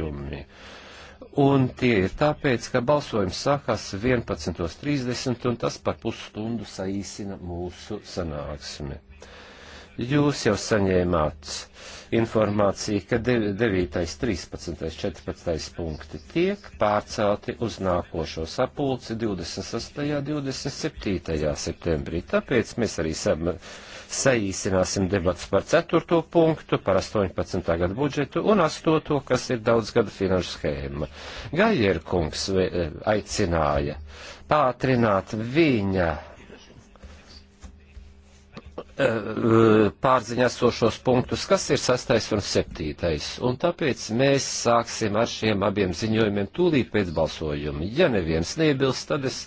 grozījumi. Un tie ir tāpēc, ka balsojums sākās 11.30 un tas par pusstundu saīsina mūsu sanāksmi. Jūs jau saņēmāt informāciju, ka 9., 13., 14. punkti tiek pārcelti uz nākošo sapulci 26. un 27. septembrī. Tāpēc mēs arī sam, saīsināsim debats par 4. punktu, par 18. gadu budžetu un 8. kas ir daudzgada finanšu schēma. Gajer kungs eh, aicināja pātrināt viņa Eh, pārziņā sošos punktus, kas ir sastais un septītais. Un tāpēc mēs sāksim ar šiem abiem ziņojumiem tūlīt pēc balsojuma. Ja neviens neiebilst, tad es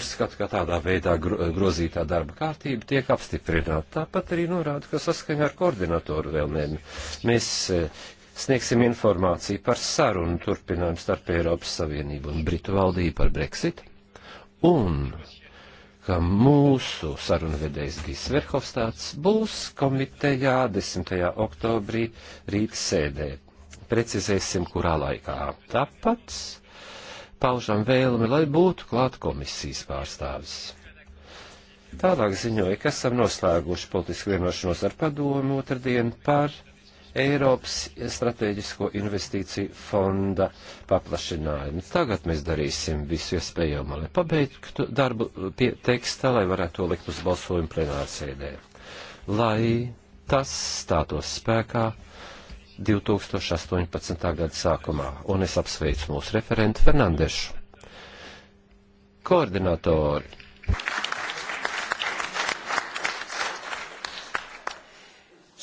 uzskatu, ka tādā veidā grozītā darba kārtība tiek apstiprināta. Tāpat arī norāda, ka saskaņā ar koordinatoru vēlmēm mēs eh, sniegsim informāciju par sarunu turpinājumu starp Eiropas Savienību un Britu valdību par Brexit. Un ka mūsu sarunvedējs Gīs Verhofstāts būs komitejā 10. oktobrī rīt sēdē. Precizēsim, kurā laikā. Tāpat paužam vēlmi, lai būtu klāt komisijas pārstāvis. Tālāk ziņoja, ka esam noslēguši politisku vienošanos ar padomu otrdien par Eiropas strateģisko investīciju fonda paplašinājumu. Tagad mēs darīsim visu iespējamo, lai pabeigtu darbu pie teksta, lai varētu to likt uz balsojumu plenārsēdē. Lai tas stātos spēkā 2018. gada sākumā, un es apsveicu mūsu referentu Fernandešu. Koordinatori!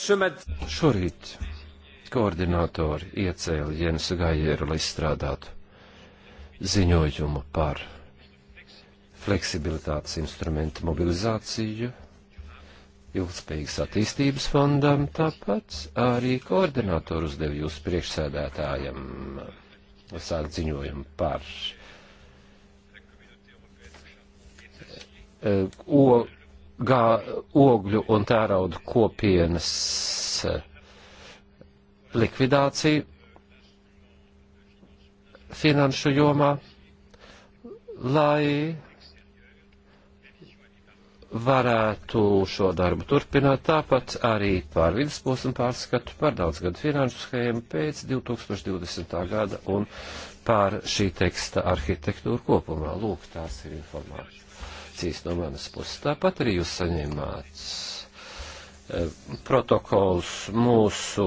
Šorīt koordinātori iecēla Jensu Gajeru, lai strādātu ziņojumu par fleksibilitātes instrumentu mobilizāciju ilgspējīgas attīstības fondam, tāpat arī koordinātoru uzdev jūs priekšsēdētājam sākt ziņojumu par eh, o gā, ogļu un tērauda kopienas eh, likvidāciju finanšu jomā, lai varētu šo darbu turpināt, tāpat arī par vidusposmu pārskatu par daudzgadu finanšu schēmu pēc 2020. gada un par šī teksta arhitektūru kopumā. Lūk, tās ir informācija korekcijas no manas puses. Tāpat arī jūs saņēmāt e, protokols mūsu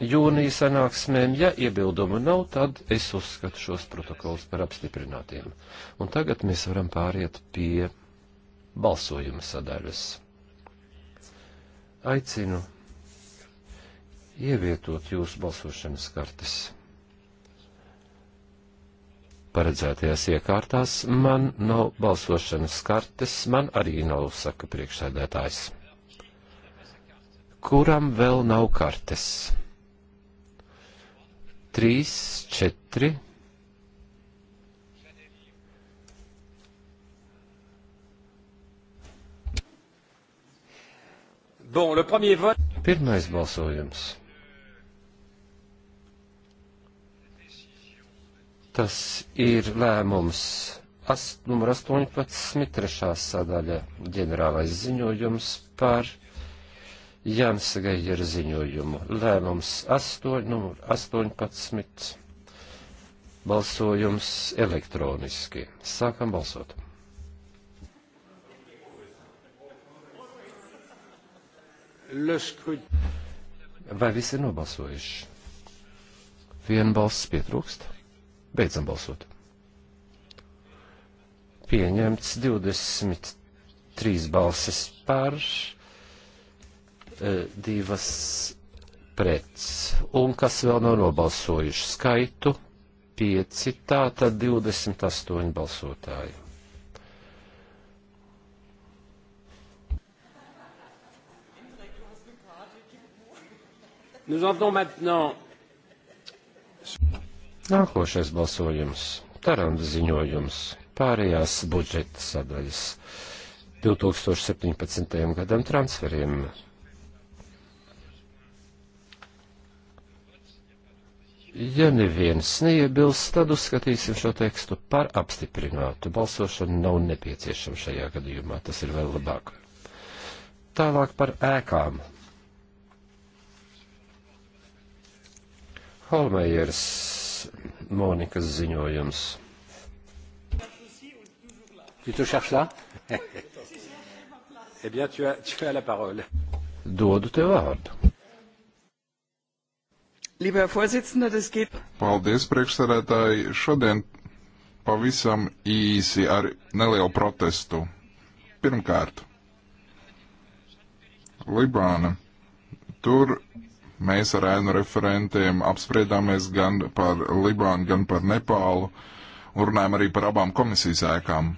jūnija sanāksmēm. Ja iebildumu nav, tad es uzskatu šos protokols par apstiprinātiem. Un tagad mēs varam pāriet pie balsojuma sadaļas. Aicinu ievietot jūsu balsošanas kartes paredzētajās iekārtās, man nav balsošanas kartes, man arī nav, saka priekšsēdētājs. Kuram vēl nav kartes? 3, 4. Bon, Pirmais balsojums. Tas ir lēmums ast, numur 18, trešā sadaļa ģenerālais ziņojums par Jansa Geijera ziņojumu. Lēmums 8, numur 18, balsojums elektroniski. Sākam balsot. Vai visi ir nobalsojuši? Vienu balss pietrūkst. Beidzam balsot. Pieņemts 23 balsis par, eh, divas pret. Un kas vēl nav nobalsojuši skaitu? 5, tātad 28 balsotāji. Nous en venons maintenant Nākošais balsojums - Taranda ziņojums - pārējās budžeta sadaļas 2017. gadam transferiem. Ja neviens neiebilst, tad uzskatīsim šo tekstu par apstiprinātu. Balsošana nav nepieciešama šajā gadījumā, tas ir vēl labāk. Tālāk par ēkām. Holmejers Monikas ziņojums. Eh Dodu tev vārdu. Paldies, priekšsarētāji. Šodien pavisam īsi ar nelielu protestu. Pirmkārt, Libāna. Tur Mēs ar ēnu referentiem apspriedāmies gan par Libānu, gan par Nepālu un runājam arī par abām komisijas ēkām.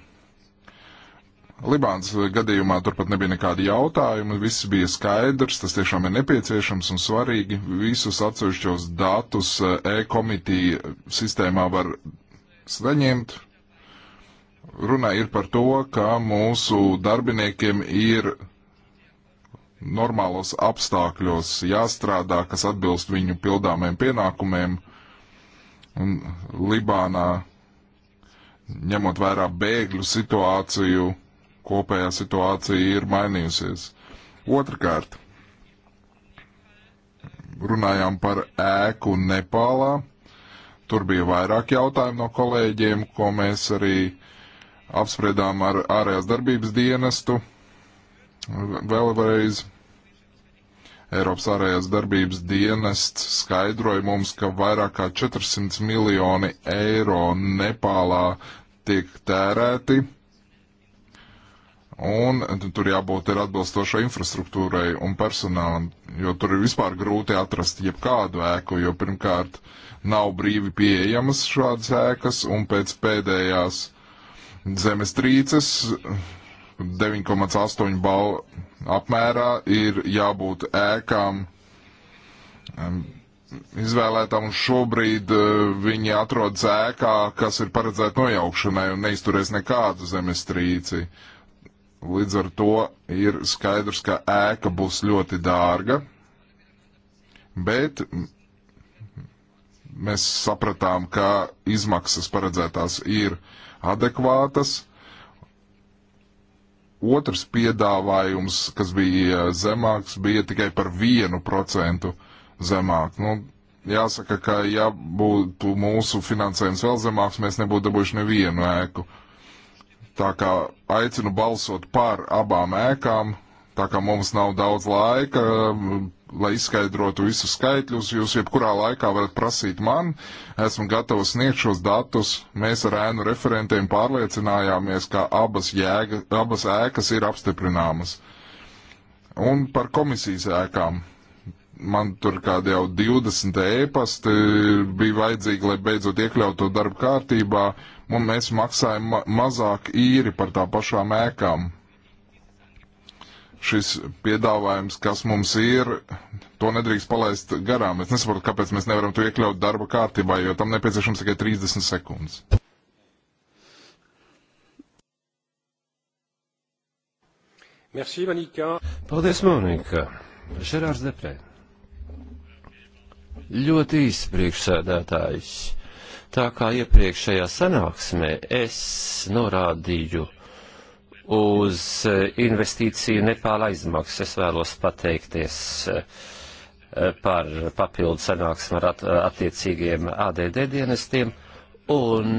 Libāns gadījumā turpat nebija nekādi jautājumi, viss bija skaidrs, tas tiešām ir nepieciešams un svarīgi. Visus atsevišķos datus eh, e-komitīja sistēmā var saņemt. Runa ir par to, ka mūsu darbiniekiem ir normālos apstākļos jāstrādā, kas atbilst viņu pildāmiem pienākumiem. Un Libānā, ņemot vērā bēgļu situāciju, kopējā situācija ir mainījusies. Otrakārt, runājām par ēku Nepālā. Tur bija vairāk jautājumu no kolēģiem, ko mēs arī apspriedām ar ārējās darbības dienestu. Vēlreiz Eiropas ārējās darbības dienests skaidroja mums, ka vairāk kā 400 miljoni eiro Nepālā tiek tērēti, un tur jābūt ir atbilstošai infrastruktūrai un personālam, jo tur ir vispār grūti atrast jebkādu ēku, jo pirmkārt nav brīvi pieejamas šādas ēkas, un pēc pēdējās zemestrīces 9,8 balvu apmērā ir jābūt ēkām izvēlētām, un šobrīd eh, viņi atrodas ēkā, kas ir paredzēta nojaukšanai un neizturēs nekādu zemestrīci. Līdz ar to ir skaidrs, ka ēka būs ļoti dārga, bet mēs sapratām, ka izmaksas paredzētās ir adekvātas Otrs piedāvājums, kas bija zemāks, bija tikai par vienu procentu zemāk. Nu, jāsaka, ka ja būtu mūsu finansējums vēl zemāks, mēs nebūtu dabūjuši nevienu ēku. Tā kā aicinu balsot par abām ēkām, tā kā mums nav daudz laika, lai izskaidrotu visus skaitļus. Jūs jebkurā laikā varat prasīt man, esmu gatavs sniegt šos datus. Mēs ar ēnu referentiem pārliecinājāmies, ka abas, jēga, abas ēkas ir apstiprināmas. Un par komisijas ēkām. Man tur kādi jau 20 ēpasti bija vajadzīgi, lai beidzot iekļautu to darbu kārtībā, un mēs maksājam ma mazāk īri par tā pašām ēkām šis piedāvājums, kas mums ir, to nedrīkst palaist garām. Es nesaprotu, kāpēc mēs nevaram to iekļaut darba kārtībā, jo tam nepieciešams tikai 30 sekundes. Merci, Monika. Paldies, Monika. Žerārs Deprē. Ļoti īsts priekšsēdētājs. Tā kā iepriekšējā sanāksmē es norādīju uz eh, investīciju Nepāla aizmaksas. Es vēlos pateikties eh, par papildu sanāksmu ar attiecīgiem ADD dienestiem un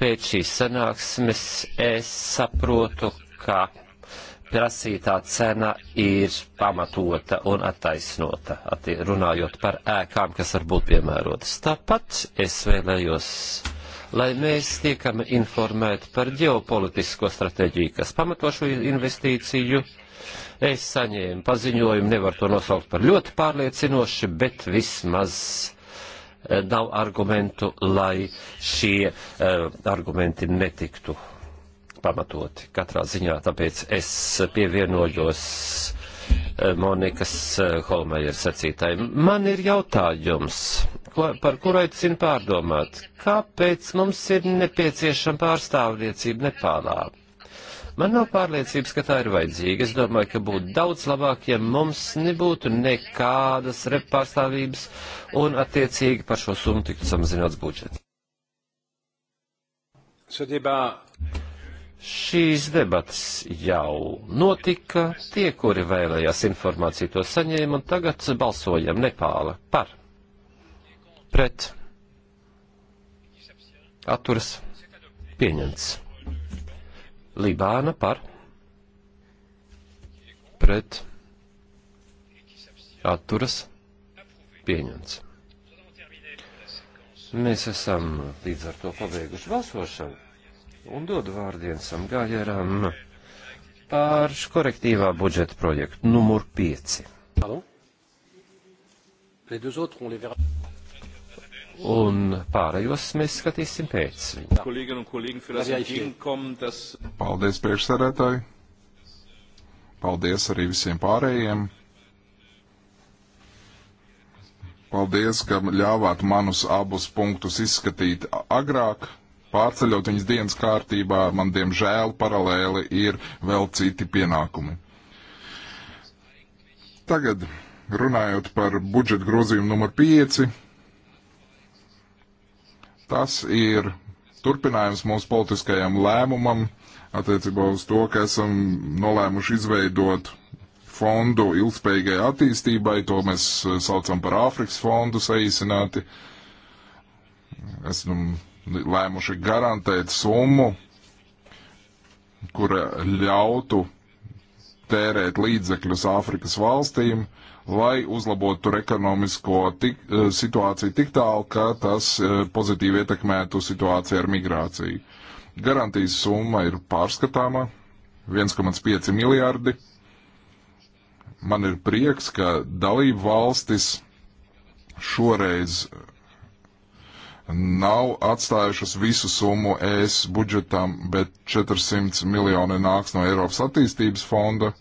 pēc šīs sanāksmes es saprotu, ka prasītā cena ir pamatota un attaisnota, runājot par ēkām, kas var būt piemērotas. Tāpat es vēlējos lai mēs tiekam informēti par ģeopolitisko stratēģiju, kas pamato šo investīciju. Es saņēmu paziņojumu, nevar to nosaukt par ļoti pārliecinoši, bet vismaz eh, nav argumentu, lai šie uh, argumenti netiktu pamatoti. Katrā ziņā tāpēc es pievienojos eh, Monikas Holmejer sacītājiem. Man ir jautājums par kuru aicinu pārdomāt, kāpēc mums ir nepieciešama pārstāvniecība Nepālā. Man nav pārliecības, ka tā ir vajadzīga. Es domāju, ka būtu daudz labāk, ja mums nebūtu nekādas repārstāvības un attiecīgi par šo summu tiktu samazināts budžets. Sadībā. Šīs debatas jau notika. Tie, kuri vēlējās informāciju, to saņēma, un tagad balsojam Nepāla par pret atturas pieņemts. Libāna par pret atturas pieņemts. Mēs esam līdz ar to pabeiguši balsošanu un dodu vārdiensam Gājeram pār korektīvā budžeta projektu numur 5. Pardon? Les deux autres, on les verra un pārējos mēs skatīsim pēc viņa. Paldies priekšsēdētāji. Paldies arī visiem pārējiem. Paldies, ka ļāvāt manus abus punktus izskatīt agrāk, pārceļot viņas dienas kārtībā. Man, diemžēl, paralēli ir vēl citi pienākumi. Tagad runājot par budžeta grozījumu numur 5 Tas ir turpinājums mūsu politiskajam lēmumam attiecībā uz to, ka esam nolēmuši izveidot fondu ilgspējīgai attīstībai, to mēs eh, saucam par Āfrikas fondu saīsināti. Esam lēmuši garantēt summu, kura ļautu tērēt līdzekļus Āfrikas valstīm, uh, lai uzlabotu tur ekonomisko tik, eh, situāciju tik tālu, ka tas eh, pozitīvi ietekmētu situāciju ar migrāciju. Garantijas summa ir pārskatāma - 1,5 miljardi. Man ir prieks, ka dalību valstis šoreiz nav atstājušas visu summu ES budžetam, bet 400 miljoni nāks no Eiropas attīstības fonda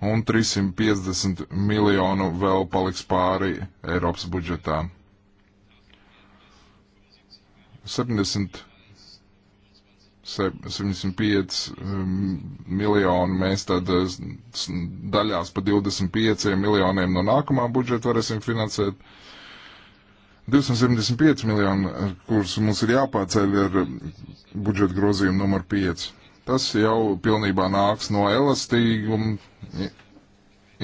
un 350 miljonu vēl paliks pāri Eiropas budžetā. 70, 705 miljoni mēs tad eh, daļās pa 25 miljoniem no nākamā budžeta varēsim finansēt. 275 miljoni, eh, kurus mums ir jāpārceļ ar budžeta grozījumu numur 5. Tas jau pilnībā nāks no elastīguma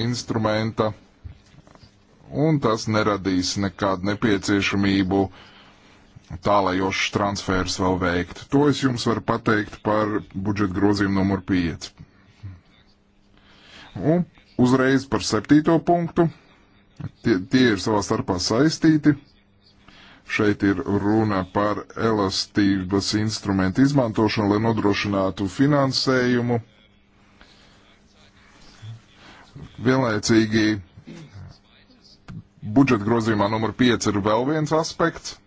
instrumenta, un tas neradīs nekādu nepieciešamību tālajošs transfers vēl veikt. To es jums varu pateikt par budžeta grozījumu numur 5. Un uzreiz par septīto punktu. Tie, tie ir savā starpā saistīti. Šeit ir runa par elastības instrumentu izmantošanu, lai nodrošinātu finansējumu. Vienlaicīgi budžeta grozījumā numur 5 ir vēl viens aspekts.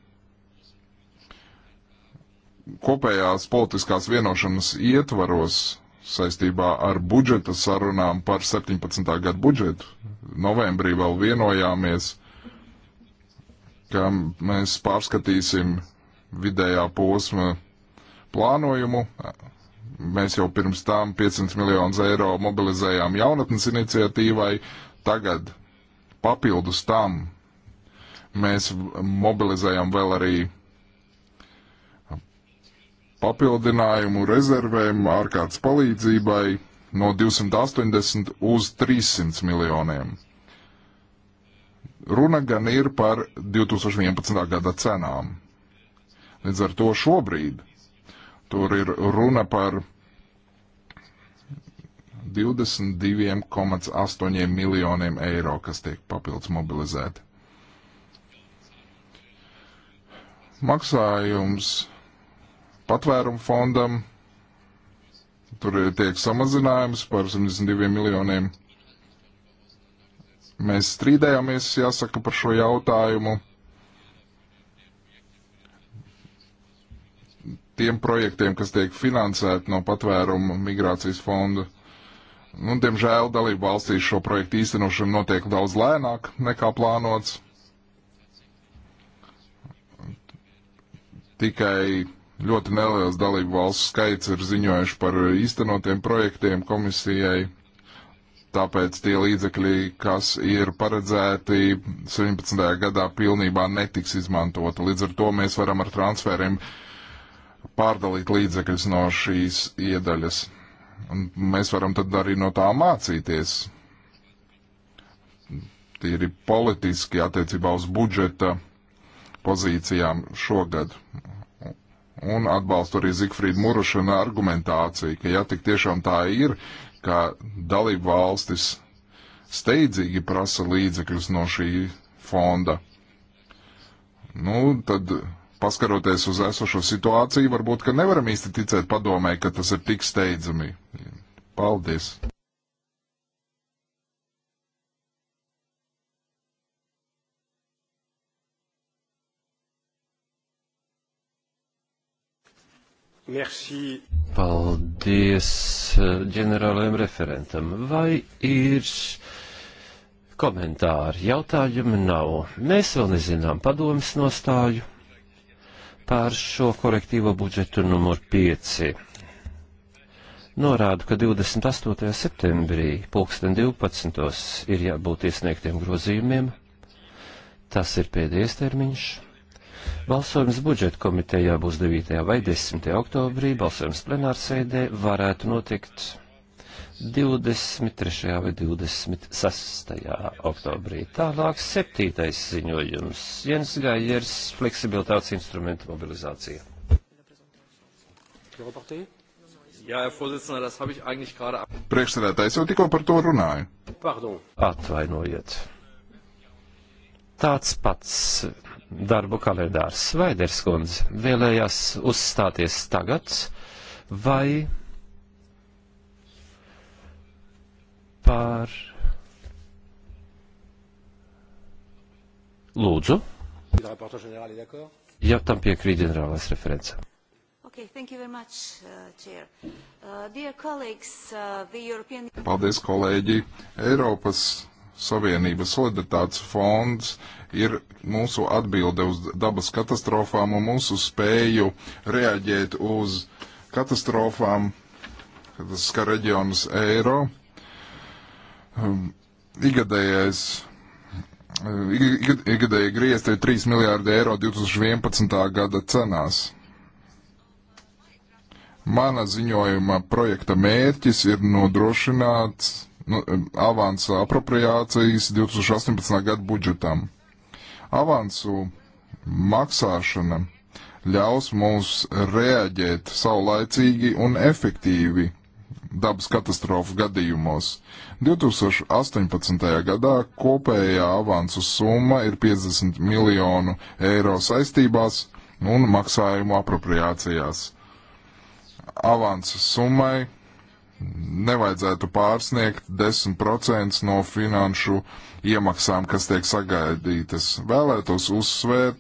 Kopējās politiskās vienošanas ietvaros saistībā ar budžeta sarunām par 17. gadu budžetu. Novembrī vēl vienojāmies ka mēs pārskatīsim vidējā posma plānojumu. Mēs jau pirms tam 500 miljonus eiro mobilizējām jaunatnes iniciatīvai. Tagad papildus tam mēs mobilizējam vēl arī papildinājumu rezervēm ārkārtas palīdzībai no 280 uz 300 miljoniem. Runa gan ir par 2011. gada cenām. Līdz ar to šobrīd tur ir runa par 22,8 miljoniem eiro, kas tiek papildus mobilizēti. Maksājums patvērumu fondam tur tiek samazinājums par 72 miljoniem eiro Mēs strīdējāmies, jāsaka, par šo jautājumu. Tiem projektiem, kas tiek finansēti no patvērumu migrācijas fonda, nu, diemžēl dalību valstīs šo projektu īstenošana notiek daudz lēnāk nekā plānots. Tikai ļoti neliels dalību valsts skaits ir ziņojuši par īstenotiem projektiem komisijai Tāpēc tie līdzekļi, kas ir paredzēti 17. gadā, pilnībā netiks izmantoti. Līdz ar to mēs varam ar transferiem pārdalīt līdzekļus no šīs iedaļas. Un mēs varam tad arī no tā mācīties. Tīri politiski attiecībā uz budžeta pozīcijām šogad. Un atbalstu arī Zigfrīda Murušana argumentāciju, ka ja tik tiešām tā ir, kā dalību valstis steidzīgi prasa līdzekļus no šī fonda. Nu, tad paskaroties uz esošo situāciju, varbūt, ka nevaram īsti ticēt padomē, ka tas ir tik steidzami. Paldies! Merci. Paldies eh, ģenerālajiem referentam. Vai ir komentāri? Jautājumi nav. Mēs vēl nezinām padomas nostāju pār šo korektīvo budžetu numur 5. Norādu, ka 28. septembrī 2012. ir jābūt iesniegtiem grozījumiem. Tas ir pēdējais termiņš. Balsojums budžeta komitejā būs 9. vai 10. oktobrī, balsojums plenārsēdē varētu notikt 23. vai 26. oktobrī. Tālāk septītais ziņojums - Jens Gaiers, fleksibilitātes instrumenta mobilizācija. Reportēji? Jā, Herr Vorsitzender, das habe ich eigentlich gerade ab. Priekšsēdētājs jau tikko par to runāja. Pardon. Atvainojiet. Tāds pats darbu kalendārs. Vaiders kundze vēlējās uzstāties tagad vai par lūdzu. Ja tam piekrīt ģenerālais referents. Okay, thank you very much, uh, Chair. Uh, dear colleagues, uh, the European... Paldies, kolēģi. Eiropas Savienības solidaritātes fonds ir mūsu atbilde uz dabas katastrofām un mūsu spēju reaģēt uz katastrofām, kas skar reģionus eiro. Um, igadējais uh, Ikgadēji griezti ir 3 miljārdi eiro 2011. gada cenās. Mana ziņojuma projekta mērķis ir nodrošināts nu, avansa apropriācijas 2018. gada budžetam. Avansu maksāšana ļaus mums reaģēt saulaicīgi un efektīvi dabas katastrofu gadījumos. 2018. gadā kopējā avansu summa ir 50 miljonu eiro saistībās un maksājumu apropriācijās. Avansu summai nevajadzētu pārsniegt 10% no finanšu iemaksām, kas tiek sagaidītas. Vēlētos uzsvērt,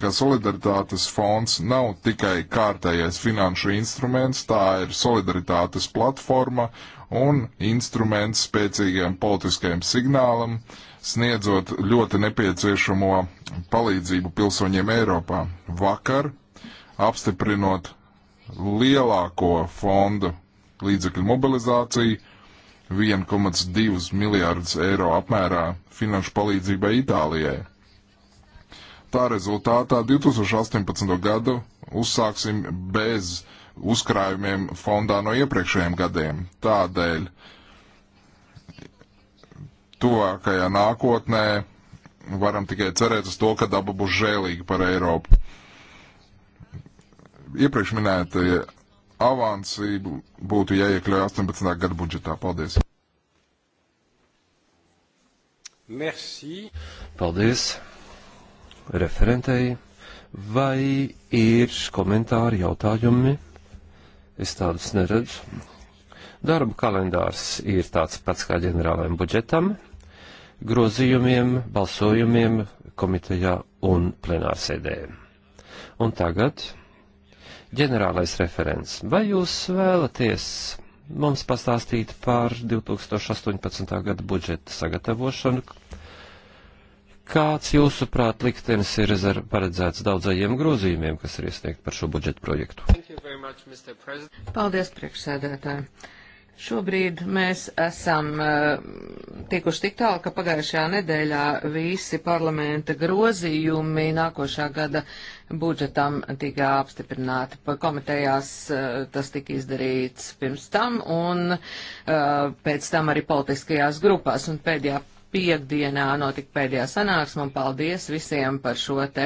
ka solidaritātes fonds nav tikai kārtējais finanšu instruments, tā ir solidaritātes platforma un instruments spēcīgiem politiskajiem signālam, sniedzot ļoti nepieciešamo palīdzību pilsoņiem Eiropā. Vakar, apstiprinot lielāko fondu līdzekļu mobilizāciju, 1,2 miljārdus eiro apmērā finanšu palīdzībai Itālijai. Tā rezultātā 2018. gadu uzsāksim bez uzkrājumiem fondā no iepriekšējiem gadiem. Tādēļ tuvākajā nākotnē varam tikai cerēt uz to, ka daba būs žēlīga par Eiropu. Iepriekš minētie avansi būtu jāiekļauj 18. gada budžetā. Paldies! Merci. Paldies referentei. Vai ir komentāri, jautājumi? Es tādus neredzu. Darba kalendārs ir tāds pats kā ģenerālajam budžetam, grozījumiem, balsojumiem komitejā un plenārsēdē. Un tagad ģenerālais referents, vai jūs vēlaties mums pastāstīt par 2018. gada budžeta sagatavošanu? Kāds jūsuprāt liktenis ir paredzēts daudzajiem grozījumiem, kas ir iesniegt par šo budžetu projektu? Much, Paldies, priekšsēdētāji. Šobrīd mēs esam uh, tikuši tik tālu, ka pagājušajā nedēļā visi parlamenta grozījumi nākošā gada budžetam tika apstiprināti. Komitejās uh, tas tika izdarīts pirms tam un uh, pēc tam arī politiskajās grupās. Un pēdējā piekdienā notika pēdējā sanāksme, un paldies visiem par šo te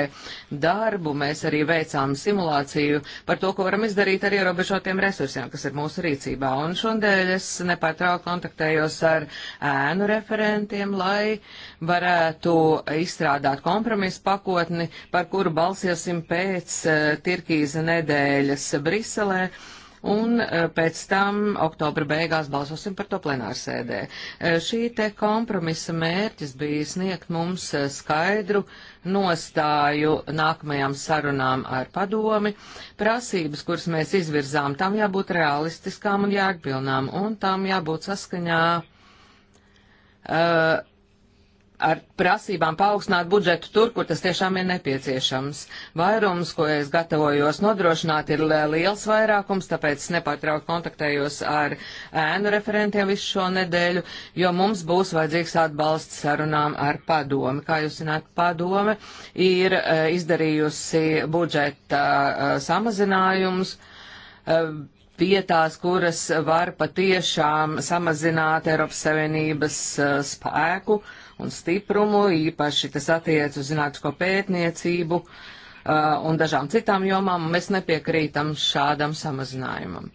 darbu. Mēs arī veicām simulāciju par to, ko varam izdarīt ar ierobežotiem resursiem, kas ir mūsu rīcībā. Un šodien es nepārtraukti kontaktējos ar ēnu referentiem, lai varētu izstrādāt kompromisu pakotni, par kuru balsiesim pēc uh, Tirkīza nedēļas Briselē. Uh, un eh, pēc tam oktobra beigās balsosim par to plenārsēdē. Eh, šī te kompromisa mērķis bija sniegt mums eh, skaidru nostāju nākamajām sarunām ar padomi. Prasības, kuras mēs izvirzām, tam jābūt realistiskām un jēgpilnām, un tam jābūt saskaņā. Uh, ar prasībām paaugstināt budžetu tur, kur tas tiešām ir nepieciešams. Vairums, ko es gatavojos nodrošināt, ir liels vairākums, tāpēc nepārtraukt kontaktējos ar ēnu referentiem visu šo nedēļu, jo mums būs vajadzīgs atbalsts sarunām ar padomi. Kā jūs zināt, padome ir e, izdarījusi budžeta e, samazinājumus e, vietās, kuras var patiešām samazināt Eiropas Savienības spēku. Uh, un stiprumu, īpaši tas attiec uz zinātnisko pētniecību uh, un dažām citām jomām, un mēs nepiekrītam šādam samazinājumam.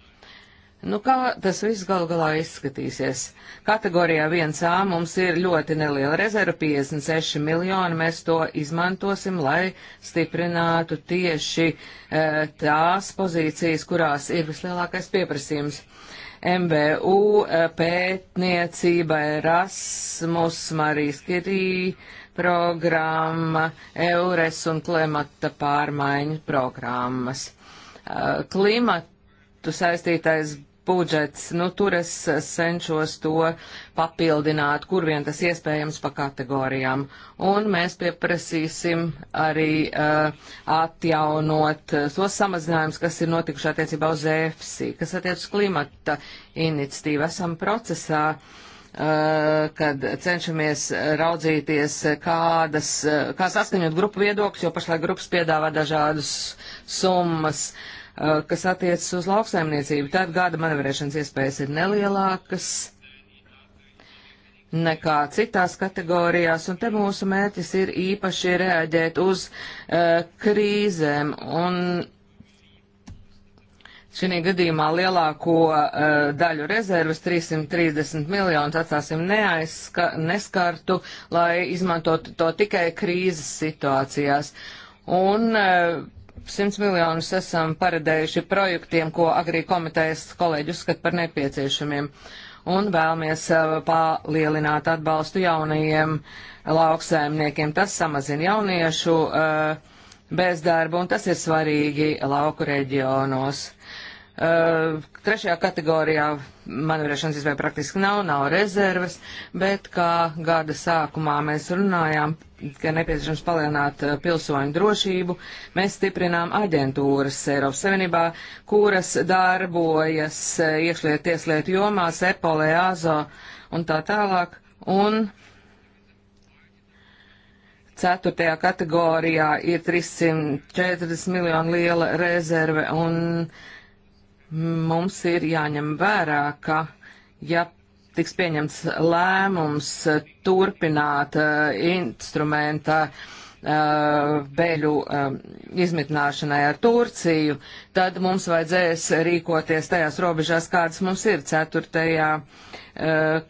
Nu, kā tas viss gal galā izskatīsies? Kategorijā 1A mums ir ļoti neliela rezerva, 56 miljoni. Mēs to izmantosim, lai stiprinātu tieši e, tās pozīcijas, kurās ir vislielākais pieprasījums. MBU, eh, pētniecība, Erasmus, Marijas Kirī programma, Eures un klimata pārmaiņu programmas. Eh, klimatu saistītais budžets, nu tur es cenšos to papildināt, kur vien tas iespējams pa kategorijām. Un mēs pieprasīsim arī uh, atjaunot uh, tos samazinājumus, kas ir notikuši attiecībā uz EFSI, kas attiec uz klimata iniciatīvu. Esam procesā. Uh, kad cenšamies raudzīties, kādas, uh, kā saskaņot grupu viedokļus, jo pašlaik grupas piedāvā dažādas summas. Uh, Uh, kas attiecas uz lauksaimniecību, tad gada manevrēšanas iespējas ir nelielākas nekā citās kategorijās, un te mūsu mērķis ir īpaši reaģēt uz uh, krīzēm, un šī gadījumā lielāko uh, daļu rezerves, 330 miljonus, atstāsim neaizska, neskartu, lai izmantotu to tikai krīzes situācijās. Un uh, 100 miljonus esam paredējuši projektiem, ko agrī komitejas kolēģi uzskata par nepieciešamiem. Un vēlamies eh, palielināt atbalstu jaunajiem lauksaimniekiem. Tas samazina jauniešu eh, bezdarbu, un tas ir svarīgi lauku reģionos. Uh, trešajā kategorijā manevrēšanas iespēja praktiski nav, nav rezerves, bet kā gada sākumā mēs runājām, ka nepieciešams palielināt uh, pilsoņu drošību, mēs stiprinām aģentūras Eiropas Savienībā, kuras darbojas uh, eh, iekšliet tieslietu jomā, Sepolē, Azo un tā tālāk. Un ceturtajā kategorijā ir 340 miljonu liela rezerve un uh, Mums ir jāņem vērā, ka ja tiks pieņemts lēmums turpināt uh, instrumenta uh, beļu uh, izmitināšanai ar Turciju, tad mums vajadzēs rīkoties tajās robežās, kādas mums ir ceturtajā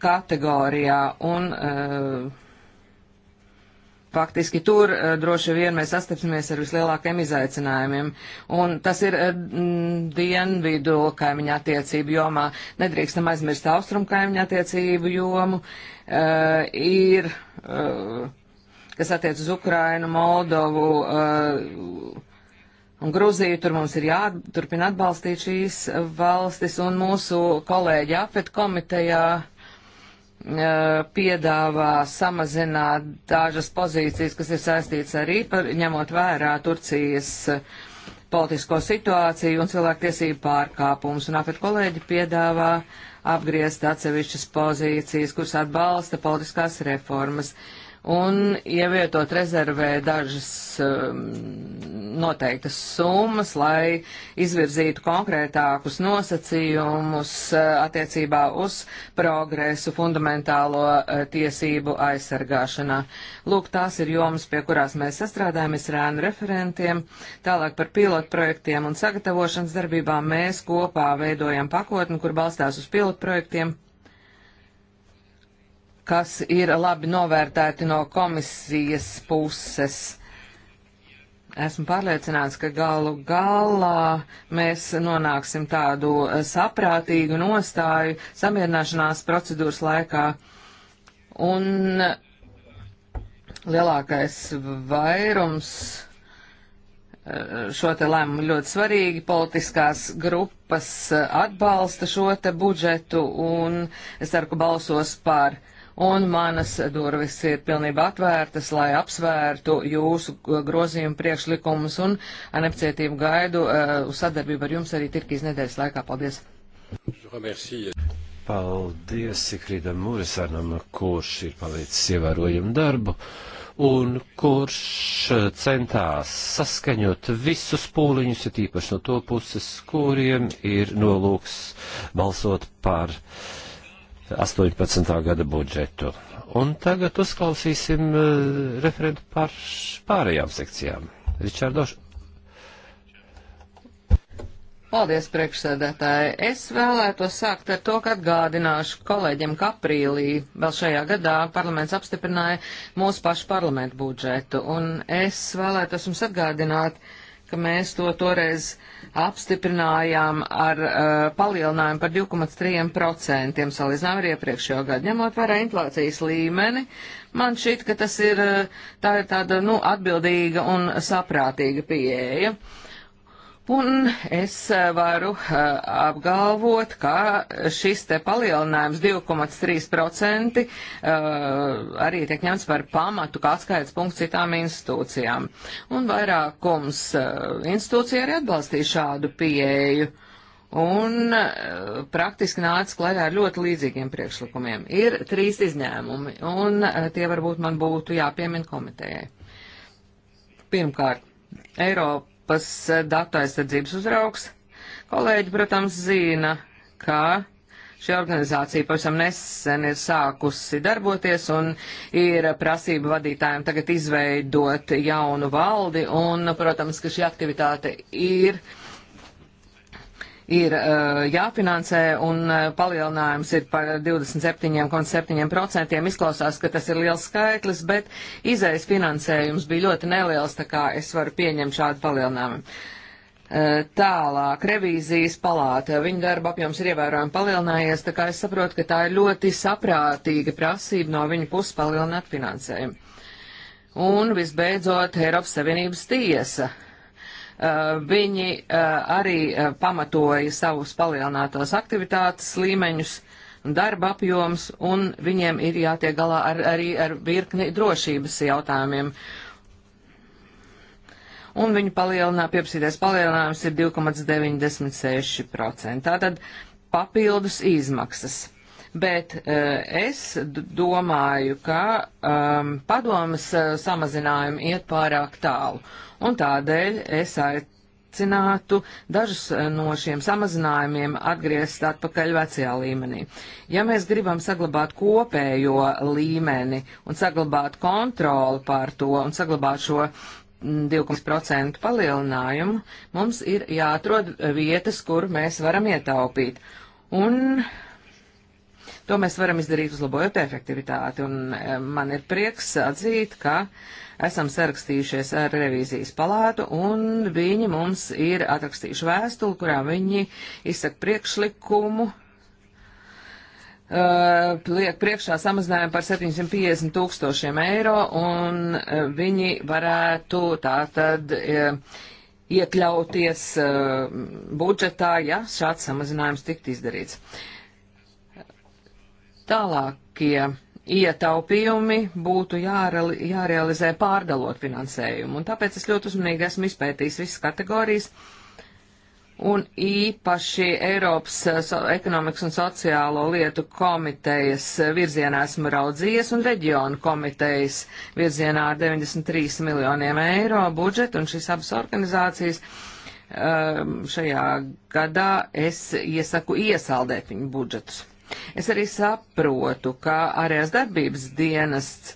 kategorijā. Un, faktiski tur eh, droši vien mēs sastapsimies ar vislielākiem izaicinājumiem. Un tas ir mm, dienvidu kaimiņa attiecību jomā. Nedrīkstam aizmirst austrumu kaimiņa attiecību jomu. Uh, ir, uh, kas attiec uz Ukrainu, Moldovu uh, un Gruziju, tur mums ir jāturpina atbalstīt šīs valstis un mūsu kolēģi AFET komitejā. Uh, Eh, piedāvā samazināt dažas pozīcijas, kas ir saistītas arī par ņemot vērā Turcijas eh, politisko situāciju un cilvēktiesību pārkāpumus. Un apet kolēģi piedāvā apgriezt atsevišķas pozīcijas, kuras atbalsta politiskās reformas. Uh, un ievietot rezervē dažas um, noteiktas summas, lai izvirzītu konkrētākus nosacījumus uh, attiecībā uz progresu fundamentālo uh, tiesību aizsargāšanā. Lūk, tās ir jomas, pie kurās mēs sastrādājamies ar ēnu referentiem. Tālāk par pilotprojektiem un sagatavošanas darbībām mēs kopā veidojam pakotni, kur balstās uz pilotprojektiem kas ir labi novērtēti no komisijas puses. Esmu pārliecināts, ka galu galā mēs nonāksim tādu saprātīgu nostāju samierināšanās procedūras laikā. Un lielākais vairums eh, šo te lēmumu ļoti svarīgi. Politiskās grupas eh, atbalsta šo te budžetu un es ceru, ka balsos par uh, un manas durvis ir pilnībā atvērtas, lai apsvērtu jūsu grozījumu priekšlikumus un ar nepacietību gaidu eh, uz sadarbību ar jums arī Tirkijas nedēļas laikā. Paldies! Paldies Sikrīdam Mūrisanam, kurš ir paveicis ievērojumu darbu un kurš eh, centās saskaņot visus pūliņus, ir tīpaši no to puses, kuriem ir nolūks balsot par uh, 18. gada budžetu. Un tagad uzklausīsim eh, referentu par pārējām sekcijām. Ričārdoš. Paldies, priekšsēdētāji. Es vēlētos sākt ar to, ka atgādināšu kolēģiem, ka aprīlī vēl šajā gadā parlaments apstiprināja mūsu pašu parlamentu budžetu. Un es vēlētos jums atgādināt, uh, ka mēs to toreiz apstiprinājām ar uh, palielinājumu par 2,3% salīdzinām ar iepriekšējo gadu. Ņemot vērā inflācijas līmeni, man šķiet, ka tas ir, uh, tā ir tāda, nu, atbildīga un saprātīga pieeja. Uh, Un es eh, varu eh, apgalvot, ka šis te palielinājums 2,3% eh, arī tiek ņemts par pamatu kā atskaits punkts citām institūcijām. Un vairākums institūcija arī atbalstīja šādu pieeju un praktiski nāca klajā ar ļoti līdzīgiem priekšlikumiem. Ir trīs izņēmumi, un tie varbūt man būtu jāpiemina komitejai. Pirmkārt, Eiropa Eiropas eh, datu aizsardzības uzraugs. Kolēģi, protams, zina, ka šī organizācija pavisam nesen ir sākusi darboties un ir prasība vadītājiem tagad izveidot jaunu valdi, un, protams, ka šī aktivitāte ir uh, ir eh, jāfinansē un eh, palielinājums ir par 27,7%. Izklausās, ka tas ir liels skaitlis, bet izējas finansējums bija ļoti neliels, tā kā es varu pieņemt šādu palielinājumu. Eh, tālāk, revīzijas palāta. Viņa darba apjoms ir ievērojami palielinājies, tā kā es saprotu, ka tā ir ļoti saprātīga prasība no viņa puses palielināt finansējumu. Un visbeidzot, Eiropas Savienības tiesa. Eh, viņi eh, arī eh, pamatoja savus palielinātos aktivitātes līmeņus, darba apjoms, un viņiem ir jātiek galā ar, arī ar virkni drošības jautājumiem un viņu palielinā, pieprasītais palielinājums ir 2,96%. Tātad papildus izmaksas. Bet uh, es domāju, ka um, padomas uh, samazinājumi iet pārāk tālu un tādēļ es aicinātu dažus eh, no šiem samazinājumiem atgriezt atpakaļ vecajā līmenī. Ja mēs gribam saglabāt kopējo līmeni un saglabāt kontroli pār to un saglabāt šo 2% mm, palielinājumu, mums ir jāatrod vietas, kur mēs varam ietaupīt. Un to mēs varam izdarīt uzlabojot efektivitāti. Un eh, man ir prieks atzīt, ka uh, esam sarakstījušies ar revīzijas palātu, un viņi mums ir atrakstījuši vēstuli, kurā viņi izsaka priekšlikumu, uh, liek priekšā samazinājumu par 750 tūkstošiem eiro, un uh, viņi varētu tātad uh, iekļauties uh, budžetā, ja šāds samazinājums tikt izdarīts. Tālākie. Ja ietaupījumi būtu jāreali, jārealizē pārdalot finansējumu, un tāpēc es ļoti uzmanīgi esmu izpētījis visas kategorijas, un īpaši Eiropas eh, so, ekonomikas un sociālo lietu komitejas virzienā esmu raudzījies, un reģionu komitejas virzienā ar 93 miljoniem eiro budžetu, un šīs abas organizācijas eh, šajā gadā es iesaku iesaldēt viņu budžetus. Es arī saprotu, ka ārējās darbības dienests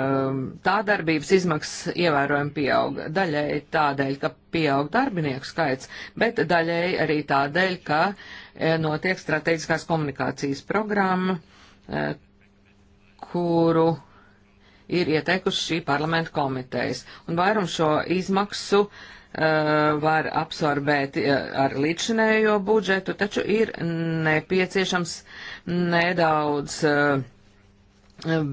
um, tā darbības izmaksas ievērojami pieauga. Daļai tādēļ, ka pieaug darbinieku skaits, bet daļai arī tādēļ, ka e, notiek strateģiskās komunikācijas programma, e, kuru ir ieteikusi šī parlamenta komitejas. Un vairums šo izmaksu uh, Eh, var absorbēt eh, ar līdzinējo budžetu, taču ir nepieciešams nedaudz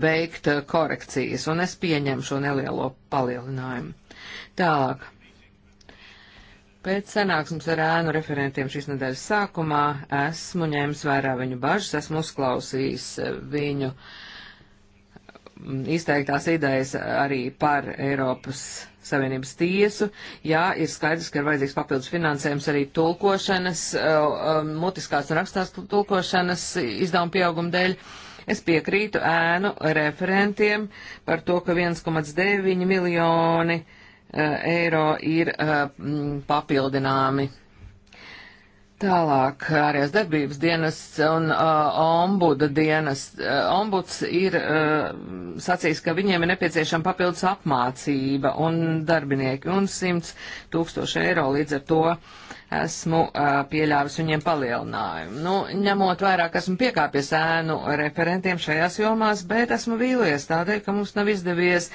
veikt eh, korekcijas, un es pieņemu šo nelielo palielinājumu. Tālāk. Pēc sanāksmes ar ēnu referentiem šīs nedēļas sākumā esmu ņēmis vērā viņu bažas, esmu uzklausījis viņu mm, izteiktās idejas arī par Eiropas Savienības tiesu. Jā, ir skaidrs, ka ir vajadzīgs papildus finansējums arī tulkošanas, eh, um, mutiskās un rakstās tulkošanas izdevuma pieauguma dēļ. Es piekrītu ēnu referentiem par to, ka 1,9 miljoni eh, eiro ir eh, papildināmi Tālāk ārējās darbības dienas un uh, ombuda dienas. Uh, ombuds ir uh, sacījis, ka viņiem ir nepieciešama papildus apmācība un darbinieki un 100 tūkstoši eiro līdz ar to esmu uh, pieļāvis viņiem palielinājumu. Nu, ņemot vairāk, esmu piekāpies ēnu referentiem šajās jomās, bet esmu vīlies tādēļ, ka mums nav izdevies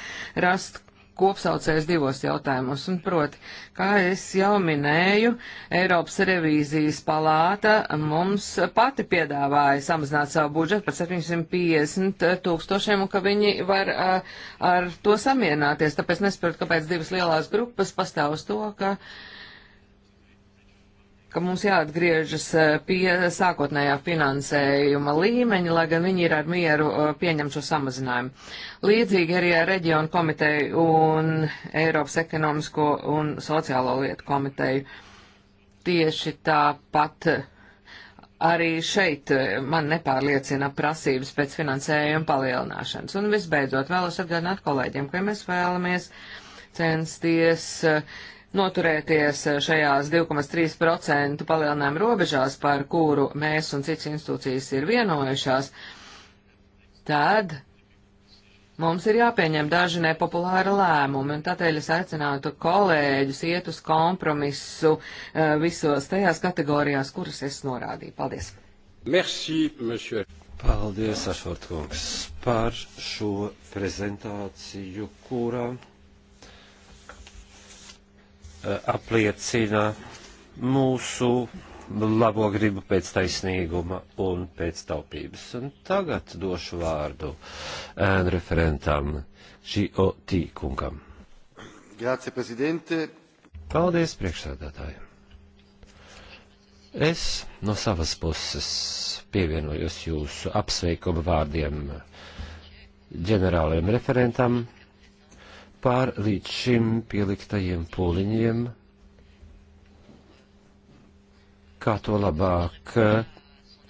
rast kopsaucējs divos jautājumos, un proti, kā es jau minēju, Eiropas revīzijas palāta mums pati piedāvāja samazināt savu budžetu par 750 tūkstošiem, un ka viņi var uh, ar to samierināties, tāpēc nesaprotu, kāpēc divas lielās grupas pastāv uz to, ka uh, ka mums jāatgriežas eh, pie sākotnējā finansējuma līmeņa, lai gan viņi ir ar mieru eh, pieņem šo samazinājumu. Līdzīgi arī ar reģionu komiteju un Eiropas ekonomisko un sociālo lietu komiteju. Tieši tāpat arī šeit eh, man nepārliecina prasības pēc finansējuma palielināšanas. Un visbeidzot, vēlos atgādināt kolēģiem, ka ja mēs vēlamies censties uh, noturēties eh, šajās 2,3% palielinājuma robežās, par kuru mēs un citas institūcijas ir vienojušās, tad mums ir jāpieņem daži nepopulāri lēmumi, un tādēļ es aicinātu kolēģus iet uz kompromisu eh, visos tajās kategorijās, kuras es norādīju. Paldies! Merci, monsieur. Paldies, Ašvartkungs, par šo prezentāciju, kurā Eh, apliecina mūsu labo gribu pēc taisnīguma un pēc taupības. Un tagad došu vārdu ēnu referentam G.O.T. kungam. Grācie, prezidente. Paldies, priekšsēdētāji. Es no savas puses pievienojos jūsu apsveikuma vārdiem ģenerāliem referentam par līdz šim pieliktajiem pūliņiem, kā to labāk eh,